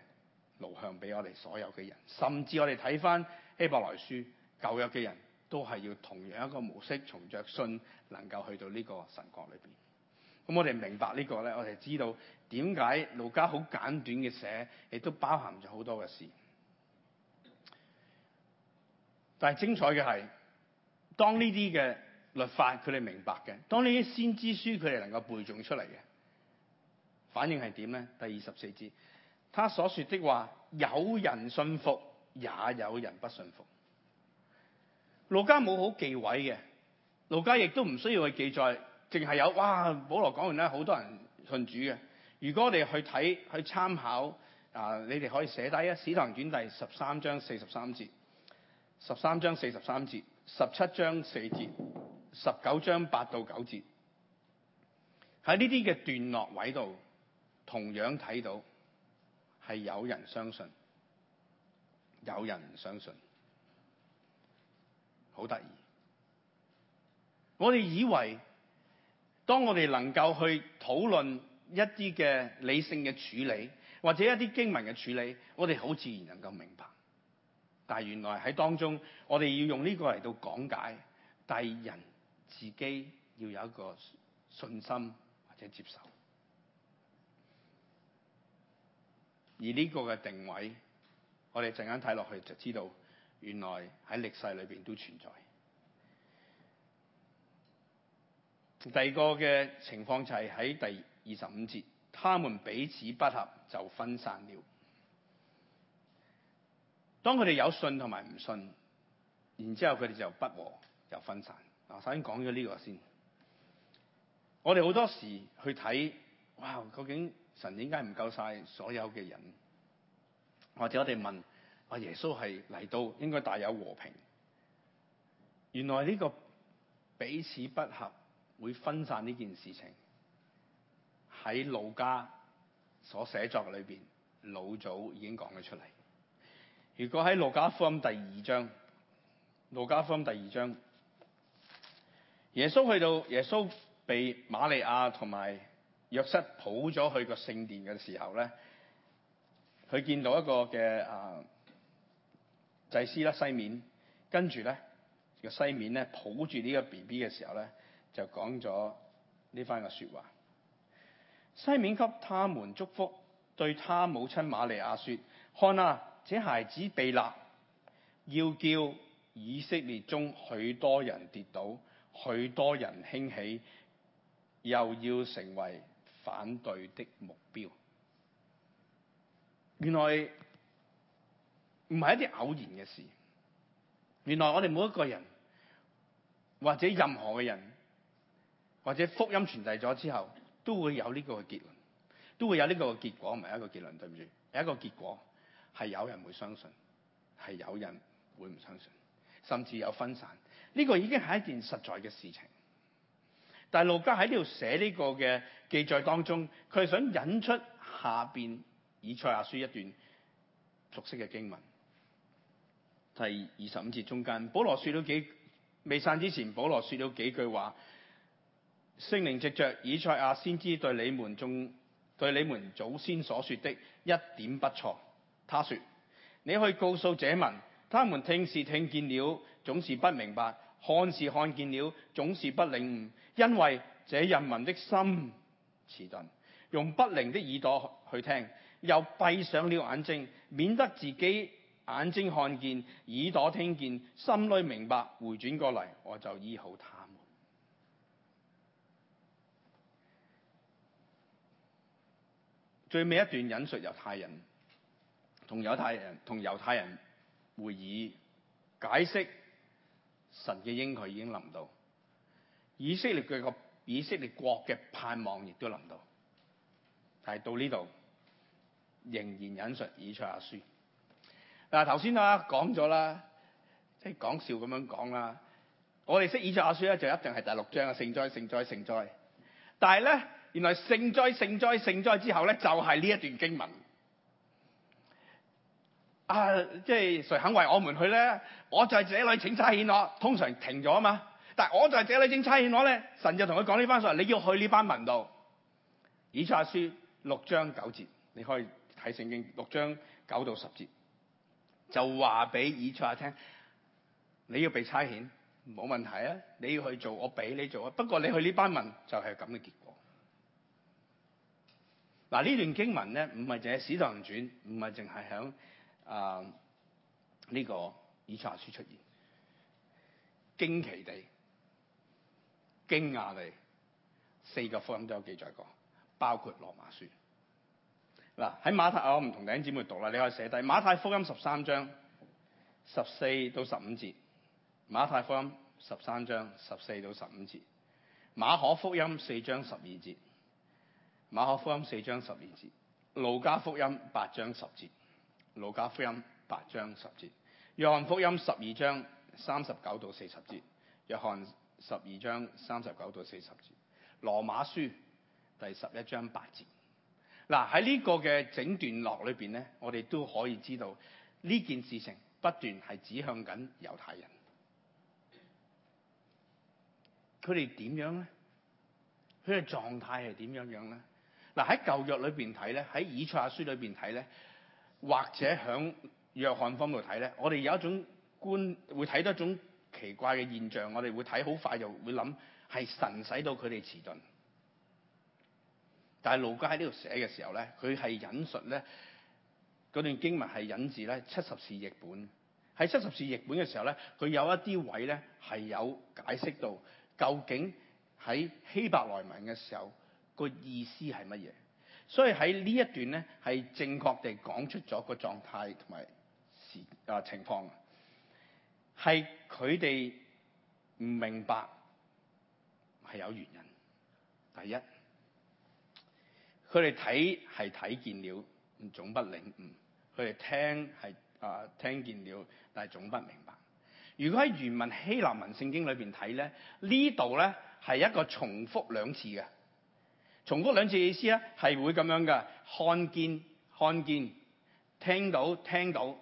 路向俾我哋所有嘅人。甚至我哋睇翻希伯來書，舊約嘅人都係要同樣一個模式，從着信能夠去到呢個神國裏邊。咁我哋明白這個呢個咧，我哋知道點解路加好簡短嘅寫，亦都包含咗好多嘅事。但係精彩嘅係，當呢啲嘅律法佢哋明白嘅，當呢啲先知書佢哋能夠背誦出嚟嘅，反應係點咧？第二十四節，他所說的話，有人信服，也有人不信服。路加冇好忌諱嘅，路加亦都唔需要去記載。淨係有哇！保羅講完咧，好多人信主嘅。如果我哋去睇去參考啊，你哋可以寫低啊，《使徒行傳》第十三章四十三節，十三章四十三節，十七章四節，十九章八到九節，喺呢啲嘅段落位度，同樣睇到係有人相信，有人唔相信，好得意。我哋以為。當我哋能夠去討論一啲嘅理性嘅處理，或者一啲經文嘅處理，我哋好自然能夠明白。但係原來喺當中，我哋要用呢個嚟到講解，但人自己要有一個信心或者接受。而呢個嘅定位，我哋陣間睇落去就知道，原來喺歷史裏邊都存在。第二個嘅情況就係喺第二十五節，他們彼此不合就分散了。當佢哋有信同埋唔信，然之後佢哋就不和就分散。啊，首先講咗呢個先。我哋好多時候去睇，哇，究竟神點解唔夠晒所有嘅人？或者我哋問，話耶穌係嚟到應該帶有和平，原來呢個彼此不合。會分散呢件事情，喺路加所寫作裏邊，老祖已經講咗出嚟。如果喺《路加福音》第二章，《路加福音》第二章，耶穌去到耶穌被瑪利亞同埋約瑟抱咗去個聖殿嘅時候咧，佢見到一個嘅啊祭司啦。西面，跟住咧個西面咧抱住呢個 B B 嘅時候咧。就講咗呢番嘅説話。西面給他們祝福，對他母親瑪利亞説：看啊，這孩子被立，要叫以色列中許多人跌倒，許多人興起，又要成為反對的目標。原來唔係一啲偶然嘅事。原來我哋每一個人，或者任何嘅人。或者福音傳遞咗之後，都會有呢個結論，都會有呢個結果，唔係一個結論，對唔住，有一個結果。係有人會相信，係有人會唔相信，甚至有分散。呢、呢個已經係一件實在嘅事情。但係路加喺呢度寫呢個嘅記載當中，佢係想引出下邊以賽亞書一段熟悉嘅經文，第二十五節中間。保羅說了幾，未散之前，保羅說了幾句話。聖靈藉著以賽亞先知對你們仲，對你們祖先所說的，一點不錯，他說：你去告訴這民，他們聽是聽見了，總是不明白；看是看見了，總是不領悟，因為這人民的心遲鈍，用不靈的耳朵去聽，又閉上了眼睛，免得自己眼睛看見、耳朵聽見、心裏明白，回轉過嚟，我就醫好他。最尾一段引述猶太人同猶太人同猶太人會議，解釋神嘅應許已經臨到，以色列以色列國嘅盼望亦都臨到，但係到呢度仍然引述以賽亞書。嗱，頭先啦講咗啦，即係講笑咁樣講啦，我哋識以賽亞書咧就一定係第六章啊，聖哉聖哉聖哉，但係咧。原來聖哉聖哉聖哉之後咧，就係、是、呢一段經文。啊，即係誰肯為我們去咧？我在這裏請差遣我，通常停咗啊嘛。但係我在這裏請差遣我咧，神就同佢講呢番話：你要去呢班民度。以賽亞書六章九節，你可以睇聖經六章九到十節，就話俾以賽亞聽：你要被差遣，冇問題啊！你要去做，我俾你做啊。不過你去呢班民，就係咁嘅結果。嗱，呢段經文咧，唔係淨係《使徒行傳》呃，唔係淨係響呢個以賽亞書出現，驚奇地、驚訝地，四個福音都有記載過，包括羅馬書。嗱，喺馬太，我唔同弟兄姊妹讀啦，你可以寫低馬太福音十三章十四到十五節，馬太福音十三章十四到十五節，馬可福音四章十二節。馬可福音四章十二節，路加福音八章十節，路加福音八章十節，約翰福音十二章三十九到四十節，約翰十二章三十九到四十節，羅馬書第十一章八節。嗱，喺呢個嘅整段落裏邊咧，我哋都可以知道呢件事情不斷係指向緊猶太人。佢哋點樣咧？佢嘅狀態係點樣樣咧？嗱，喺舊約裏邊睇咧，喺以賽亞書裏邊睇咧，或者響約翰方面睇咧，我哋有一種觀會睇到一種奇怪嘅現象，我哋會睇好快就會諗係神使到佢哋遲鈍。但係路加喺呢度寫嘅時候咧，佢係引述咧嗰段經文係引自咧七十士譯本。喺七十士譯本嘅時候咧，佢有一啲位咧係有解釋到究竟喺希伯來文嘅時候。個意思係乜嘢？所以喺呢一段咧，係正確地講出咗個狀態同埋時啊、呃、情況，係佢哋唔明白係有原因。第一，佢哋睇係睇見了，唔總不領悟；佢哋聽係啊、呃、聽見了，但係總不明白。如果喺原文希臘文聖經裏邊睇咧，這裡呢度咧係一個重複兩次嘅。重複兩次意思咧，係會咁樣嘅。看見，看見；聽到，聽到。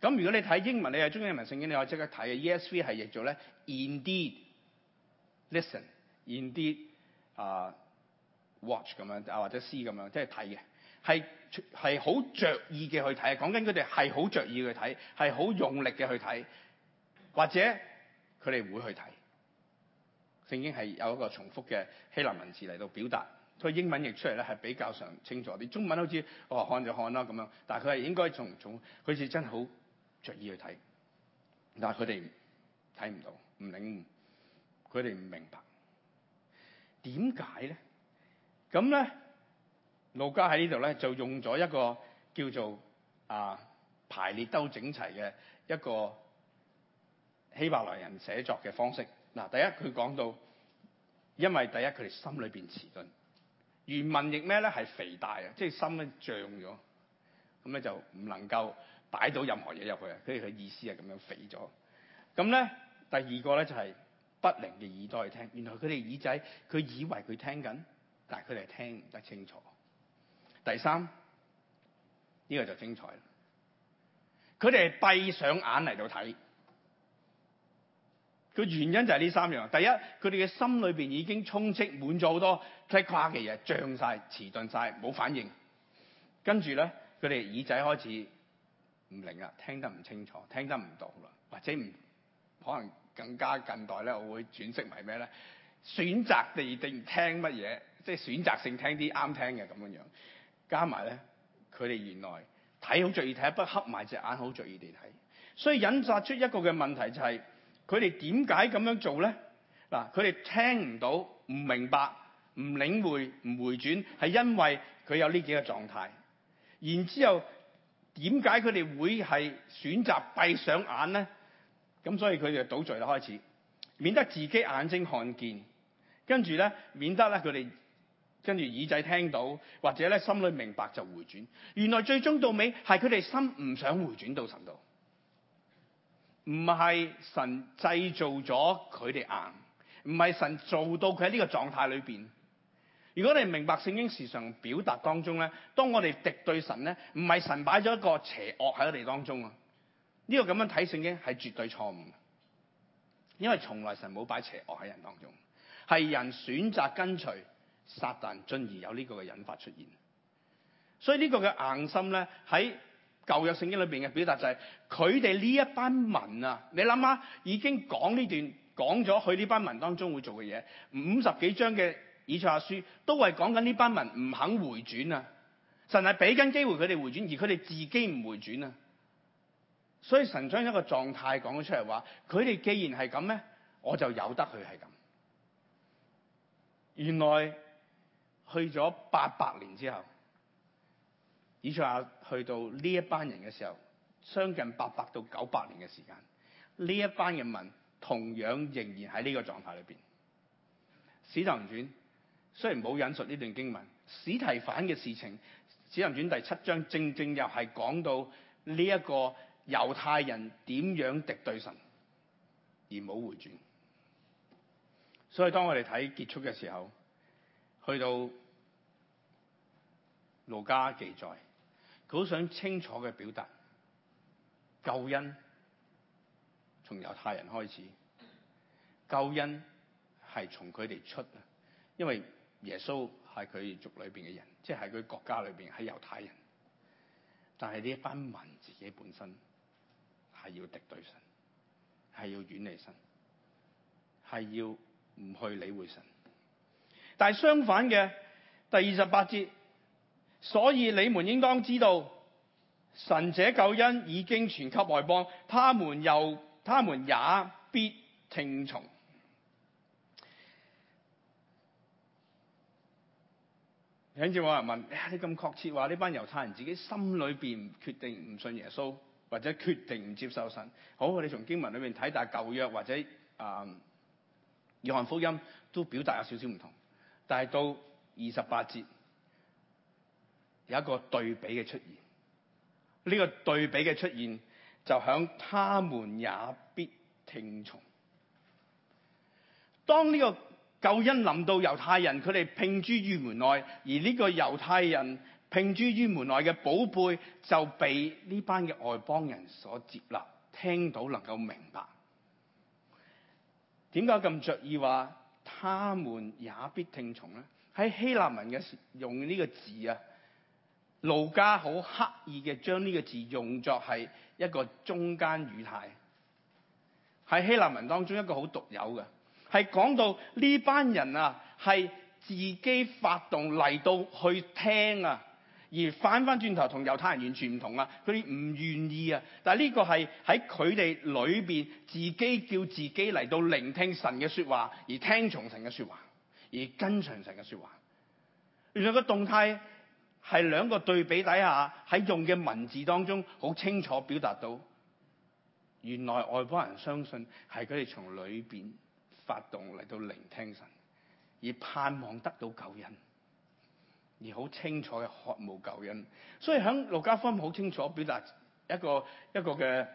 咁如果你睇英文，你係中英文聖經，你可以即刻睇嘅。ESV 係譯做咧，indeed listen，indeed 啊、uh, watch 咁樣啊或者 see 咁樣，即係睇嘅，係係好着意嘅去睇。講緊佢哋係好着意去睇，係好用力嘅去睇，或者佢哋會去睇。正經係有一個重複嘅希臘文字嚟到表達，佢英文譯出嚟咧係比較上清楚啲。中文好似哦，看就看啦咁樣，但係佢係應該從重，佢似真係好著意去睇，但係佢哋睇唔到，唔領悟，佢哋唔明白點解咧？咁咧，路加喺呢度咧就用咗一個叫做啊排列得整齊嘅一個希伯來人寫作嘅方式。嗱，第一佢講到，因為第一佢哋心裏邊遲鈍，原文譯咩咧？係肥大啊，即係心咧漲咗，咁咧就唔能夠擺到任何嘢入去啊。所以佢哋意思係咁樣肥咗。咁咧，第二個咧就係、是、不靈嘅耳朵去聽。原來佢哋耳仔，佢以為佢聽緊，但係佢哋聽唔得清楚。第三，呢、這個就精彩啦。佢哋係閉上眼嚟到睇。個原因就係呢三樣：第一，佢哋嘅心裏邊已經充積滿咗好多睇垮嘅嘢，漲晒、遲鈍晒，冇反應。跟住咧，佢哋耳仔開始唔靈啦，聽得唔清楚，聽得唔到啦，或者唔可能更加近代咧，我會轉色埋咩咧？選擇地定聽乜嘢，即係選擇性聽啲啱聽嘅咁樣樣。加埋咧，佢哋原來睇好注意睇，不黑埋隻眼好注意地睇。所以引發出一個嘅問題就係。佢哋點解咁樣做咧？嗱，佢哋聽唔到、唔明白、唔領會、唔回轉，係因為佢有呢幾個狀態。然之後點解佢哋會係選擇閉上眼咧？咁所以佢哋倒序啦，開始，免得自己眼睛看見，跟住咧，免得咧佢哋跟住耳仔聽到，或者咧心裏明白就回轉。原來最終到尾係佢哋心唔想回轉到神度。唔係神製造咗佢哋硬，唔係神做到佢喺呢個狀態裏邊。如果你明白聖經時常表達當中咧，當我哋敵對神咧，唔係神擺咗一個邪惡喺我哋當中啊！呢個咁樣睇聖經係絕對錯誤，因為從來神冇擺邪惡喺人當中，係人選擇跟隨撒旦進而有呢個嘅引發出現。所以呢個嘅硬心咧喺。舊約聖經裏邊嘅表達就係、是，佢哋呢一班民啊，你諗下已經講呢段講咗，佢呢班民當中會做嘅嘢，五十幾章嘅以賽亞書都係講緊呢班民唔肯回轉啊！神係俾緊機會佢哋回轉，而佢哋自己唔回轉啊！所以神將一個狀態講咗出嚟話，佢哋既然係咁咧，我就由得佢係咁。原來去咗八百年之後。你話去到呢一班人嘅時候，相近八百到九百年嘅時間，呢一班嘅民同樣仍然喺呢個狀態裏邊。使徒行傳雖然冇引述呢段經文，史提反嘅事情，使徒行傳第七章正正又係講到呢一個猶太人點樣敵對神而冇回轉。所以當我哋睇結束嘅時候，去到路加記載。佢好想清楚嘅表達，救恩從猶太人開始，救恩係從佢哋出啊！因為耶穌係佢族裏邊嘅人，即係佢國家裏邊係猶太人，但係呢班民自己本身係要敵對神，係要遠離神，係要唔去理會神。但係相反嘅第二十八節。所以你們應當知道，神者救恩已經傳給外邦，他們又他們也必聽從。上次我有人問，哎、你咁確切話呢班猶太人自己心裏邊決定唔信耶穌，或者決定唔接受神。好，我哋從經文裏面睇，但係舊約或者啊《約、嗯、翰福音》，都表達有少少唔同，但係到二十八節。有一個對比的出現，這個對比的出現就響他們也必聽從。當這個救恩臨到猶太人，他們聘諸於門外，而這個猶太人聘諸於門外的寶貝就被這班嘅外邦人所接納，聽到能夠明白。點解咁著意話他們也必聽從呢？在希臘文嘅時用這個字啊路加好刻意嘅將呢個字用作係一個中間語態，喺希臘文當中一個好獨有嘅，係講到呢班人啊，係自己發動嚟到去聽啊，而返翻轉頭同猶太人完全唔同啊，佢哋唔願意啊，但係呢個係喺佢哋裏面自己叫自己嚟到聆聽神嘅說話，而聽從神嘅說話，而跟從神嘅說話，原來個動態。係兩個對比底下，喺用嘅文字當中，好清楚表達到，原來外邦人相信係佢哋從裏邊發動嚟到聆聽神，而盼望得到救恩，而好清楚嘅渴慕救恩。所以喺路加福音好清楚表達一個一個嘅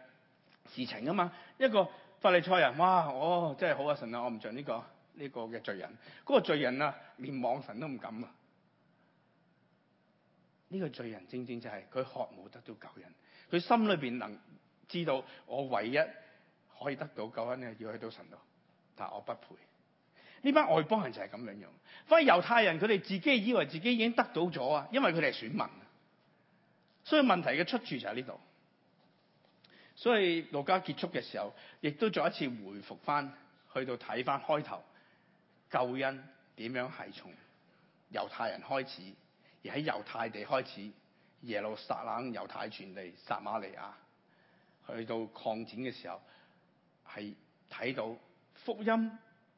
事情啊嘛。一個法利賽人，哇，我真係好啊！神啊、這個，我唔像呢個呢個嘅罪人，嗰、嗰個罪人啊，連望神都唔敢啊！呢、這個罪人正正就係佢渴望得到救恩，佢心裏邊能知道我唯一可以得到救恩嘅，要去到神度，但係我不配。呢班外邦人就係咁樣樣，反而猶太人佢哋自己以為自己已經得到咗啊，因為佢哋係選民，所以問題嘅出處就喺呢度。所以路加結束嘅時候，亦都再一次回復翻，去到睇翻開頭救恩點樣係從猶太人開始。而喺猶太地開始，耶路撒冷、猶太全地、撒馬利亞去到擴展嘅時候，係睇到福音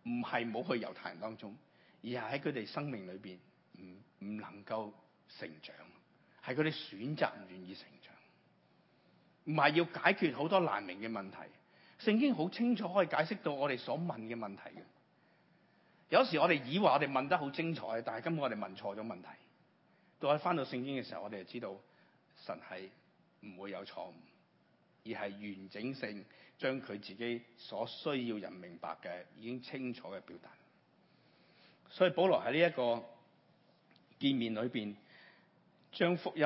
唔係冇去猶太人當中，而係喺佢哋生命裏邊唔唔能夠成長，係佢哋選擇唔願意成長，唔係要解決好多難明嘅問題。聖經好清楚可以解釋到我哋所問嘅問題嘅，有時我哋以為我哋問得好精彩，但係根本我哋問錯咗問題。到我翻到聖經嘅時候，我哋就知道神係唔會有錯誤，而係完整性將佢自己所需要人明白嘅，已經清楚嘅表達。所以保羅喺呢一個見面裏面，將福音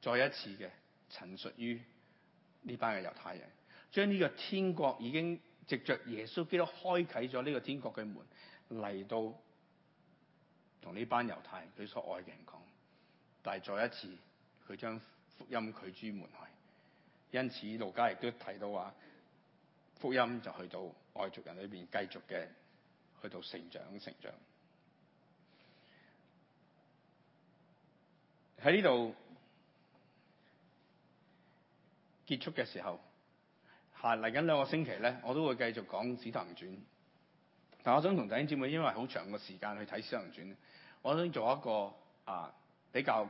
再一次嘅陳述於呢班嘅猶太人，將呢個天國已經藉着耶穌基督開啟咗呢個天國嘅門嚟到，同呢班猶太佢所愛嘅人講，但係再一次佢將福音拒諸門外，因此路加亦都睇到話福音就去到外族人裏面繼續嘅去到成長成長。喺呢度結束嘅時候，嚟緊兩個星期咧，我都會繼續講《使徒行傳》，但我想同弟兄姐妹，因為好長嘅時間去睇《使徒行傳》我想做一個啊比較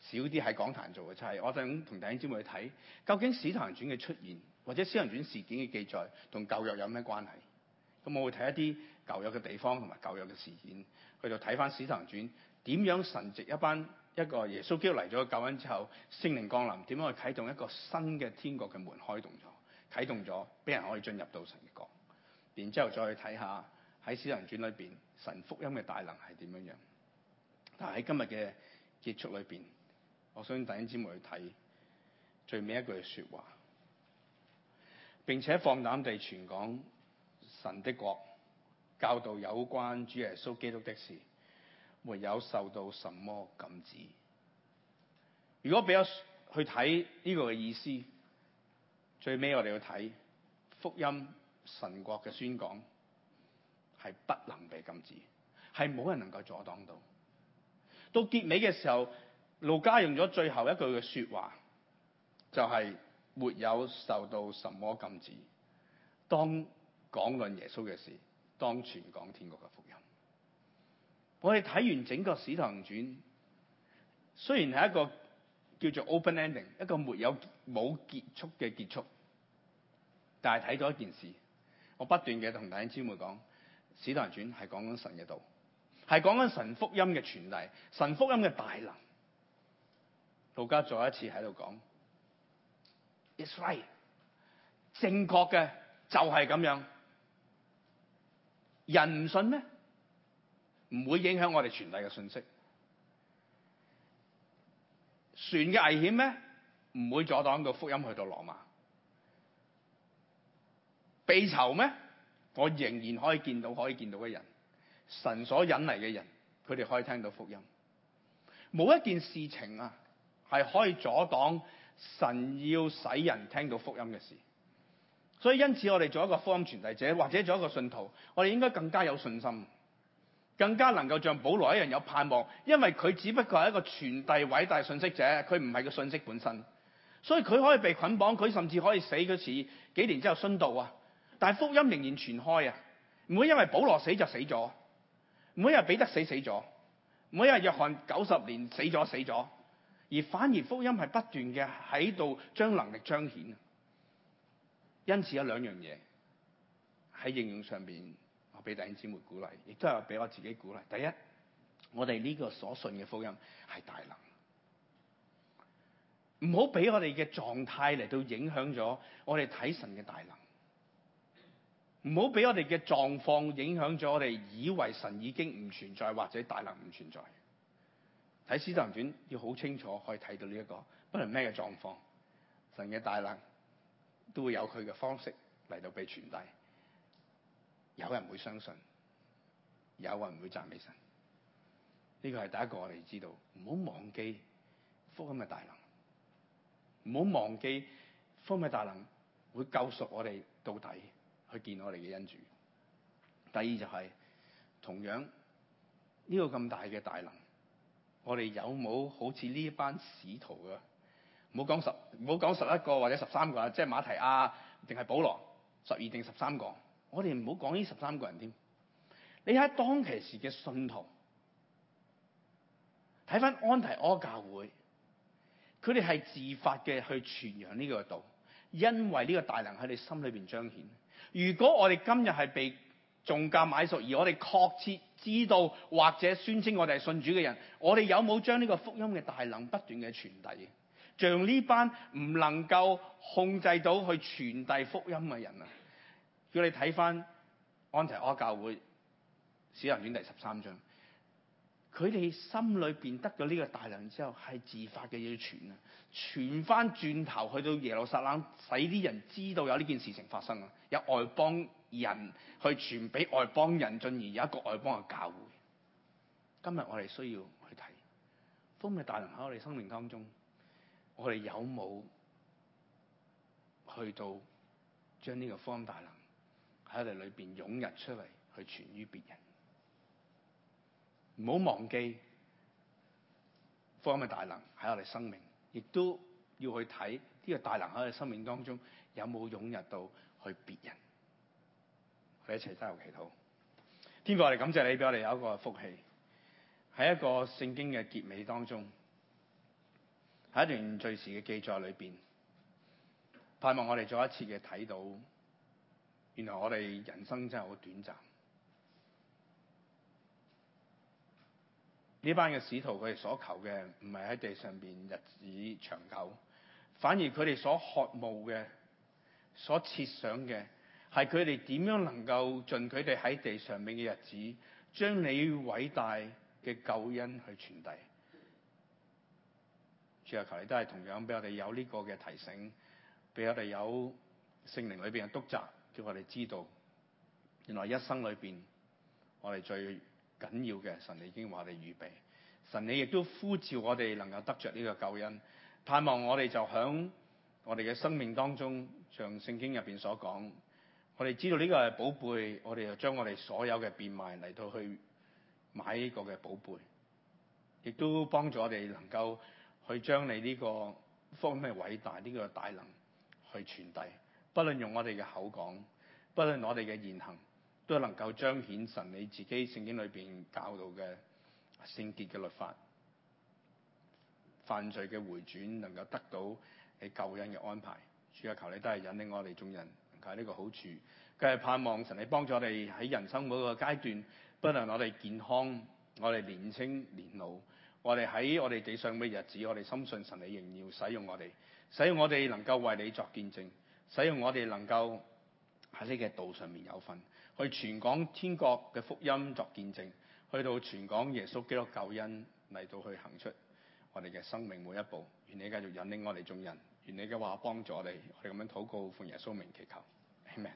少啲喺講壇做嘅，就係、是、我想同弟兄姐妹去睇究竟《使徒行傳》嘅出現，或者《使徒行傳》事件嘅記載同舊約有咩關係？咁我會睇一啲舊約嘅地方同埋舊約嘅事件，佢就睇翻《使徒行傳》點樣神藉一班一個耶穌基督嚟咗救恩之後，聖靈降臨，點樣去啟動一個新嘅天國嘅門開動咗，啟動咗俾人可以進入到神嘅國。然之後再去睇下喺《使徒行傳》裏邊。神福音嘅大能係點樣樣？但係喺今日嘅結束裏邊，我想帶領姊妹去睇最尾一句說話，並且放膽地傳講神的國，教導有關主耶穌基督的事，沒有受到什麼禁止。如果比較去睇呢個嘅意思，最尾我哋要睇福音神國嘅宣講。係不能被禁止，係冇人能夠阻擋到。到結尾嘅時候，路加用咗最後一句嘅說話，就係、是、沒有受到什麼禁止。當講論耶穌嘅事，當傳講天國嘅福音。我哋睇完整個使徒行傳，雖然係一個叫做 open ending，一個沒有冇結束嘅結束，但係睇咗一件事，我不斷嘅同弟兄姊妹講。使徒行傳係講緊神嘅道，係講緊神福音嘅傳遞，神福音嘅大能。路加再一次喺度講，It's right，正確嘅就係咁樣。人唔信咩？唔會影響我哋傳遞嘅信息。船嘅危險咩？唔會阻擋到福音去到羅馬。被囚咩？我仍然可以見到可以見到嘅人，神所引嚟嘅人，佢哋可以聽到福音。冇一件事情啊，係可以阻擋神要使人聽到福音嘅事。所以因此，我哋做一個福音傳遞者，或者做一個信徒，我哋應該更加有信心，更加能夠像保羅一樣有盼望，因為佢只不過係一個傳遞偉大信息者，佢唔係個信息本身。所以佢可以被捆綁，佢甚至可以死嗰時，幾年之後殉道啊。但係福音仍然傳開啊！唔會因為保羅死就死咗，唔會因為彼得死死咗，唔會因為約翰九十年死咗死咗，而反而福音係不斷嘅喺度將能力彰顯。因此有兩樣嘢喺應用上邊，我俾弟兄姊妹鼓勵，亦都係俾我自己鼓勵。第一，我哋呢個所信嘅福音係大能，唔好俾我哋嘅狀態嚟到影響咗我哋睇神嘅大能。唔好被我哋嘅狀況影響咗我哋，以為神已經唔存在或者大能唔存在。睇《使徒行傳》要好清楚，可以睇到呢、這、一個，不論咩嘅狀況，神嘅大能都會有佢嘅方式嚟到被傳遞。有人會相信，有人會讚美神。呢個是第一個我哋知道，唔好忘記福音嘅大能，唔好忘記福音嘅大能會救贖我哋到底。去見我哋嘅恩主。第二就係同樣呢個咁大嘅大能，我哋有冇好似呢一班使徒噶？唔好講十，唔好講十一個或者十三個啦，即係馬提亞定係保羅，十二定十三個。我哋唔好講呢十三個人添。你喺當其時嘅信徒，睇翻安提阿教會，佢哋係自發嘅去傳揚呢個道，因為呢個大能喺你心裏面彰顯。如果我哋今日係被重價買贖，而我哋確切知道或者宣稱我哋係信主嘅人，我哋有冇將呢個福音嘅大能不斷嘅傳遞，遞？像呢班唔能夠控制到去傳遞福音嘅人啊！叫你睇翻安提阿教會使行卷第十三章。佢哋心裏邊得咗呢個大能之後，係自發嘅要傳啊，傳翻轉頭去到耶路撒冷，使啲人知道有呢件事情發生啊，有外邦人去傳俾外邦人，進而有一個外邦嘅教會。今日我哋需要去睇方嘅大能喺我哋生命當中，我哋有冇去到將呢個方大能喺我哋裏邊湧入出嚟去傳於別人？唔好忘記福音嘅大能喺我哋生命，亦都要去睇呢個大能喺我哋生命當中有冇湧入到去別人，我哋一齊加油祈禱。天父，我哋感謝你俾我哋有一個福氣，喺一個聖經嘅結尾當中，喺一段敘事嘅記載裏邊，盼望我哋再一次嘅睇到，原來我哋人生真係好短暫。呢班嘅使徒，佢哋所求嘅唔係喺地上邊日子長久，反而佢哋所渴慕嘅、所設想嘅，係佢哋點樣能夠盡佢哋喺地上面嘅日子，將你偉大嘅救恩去傳遞。主啊，求你都係同樣俾我哋有呢個嘅提醒，俾我哋有聖靈裏邊嘅督責，叫我哋知道，原來一生裏邊我哋最緊要嘅，神你已經話你預備，神你亦都呼召我哋能夠得着呢個救恩，盼望我哋就響我哋嘅生命當中，像聖經入邊所講，我哋知道呢個係寶貝，我哋就將我哋所有嘅變賣嚟到去買呢個嘅寶貝，亦都幫助我哋能夠去將你呢、呢個方面、呢個、偉大呢、呢個大能去傳遞，不論用我哋嘅口講，不論我哋嘅言行。都能夠彰顯神你自己聖經裏邊教導嘅聖潔嘅律法，犯罪嘅回轉能夠得到你救恩嘅安排，主要求你都係引領我哋眾人，係呢個好處。佢係盼望神你幫助我哋喺人生每個階段，不論我哋健康，我哋年青年老，我哋喺我哋地上嘅日子，我哋深信神你仍然要使用我哋，使用我哋能夠為你作見證，使用我哋能夠喺呢個道上面有份。去全港天國嘅福音作見證，去到全港耶穌基督救恩嚟，到去行出我哋嘅生命每一步，願你繼續引領我哋眾人，願你嘅話幫助我哋，我哋咁樣禱告奉耶穌名祈求，阿門。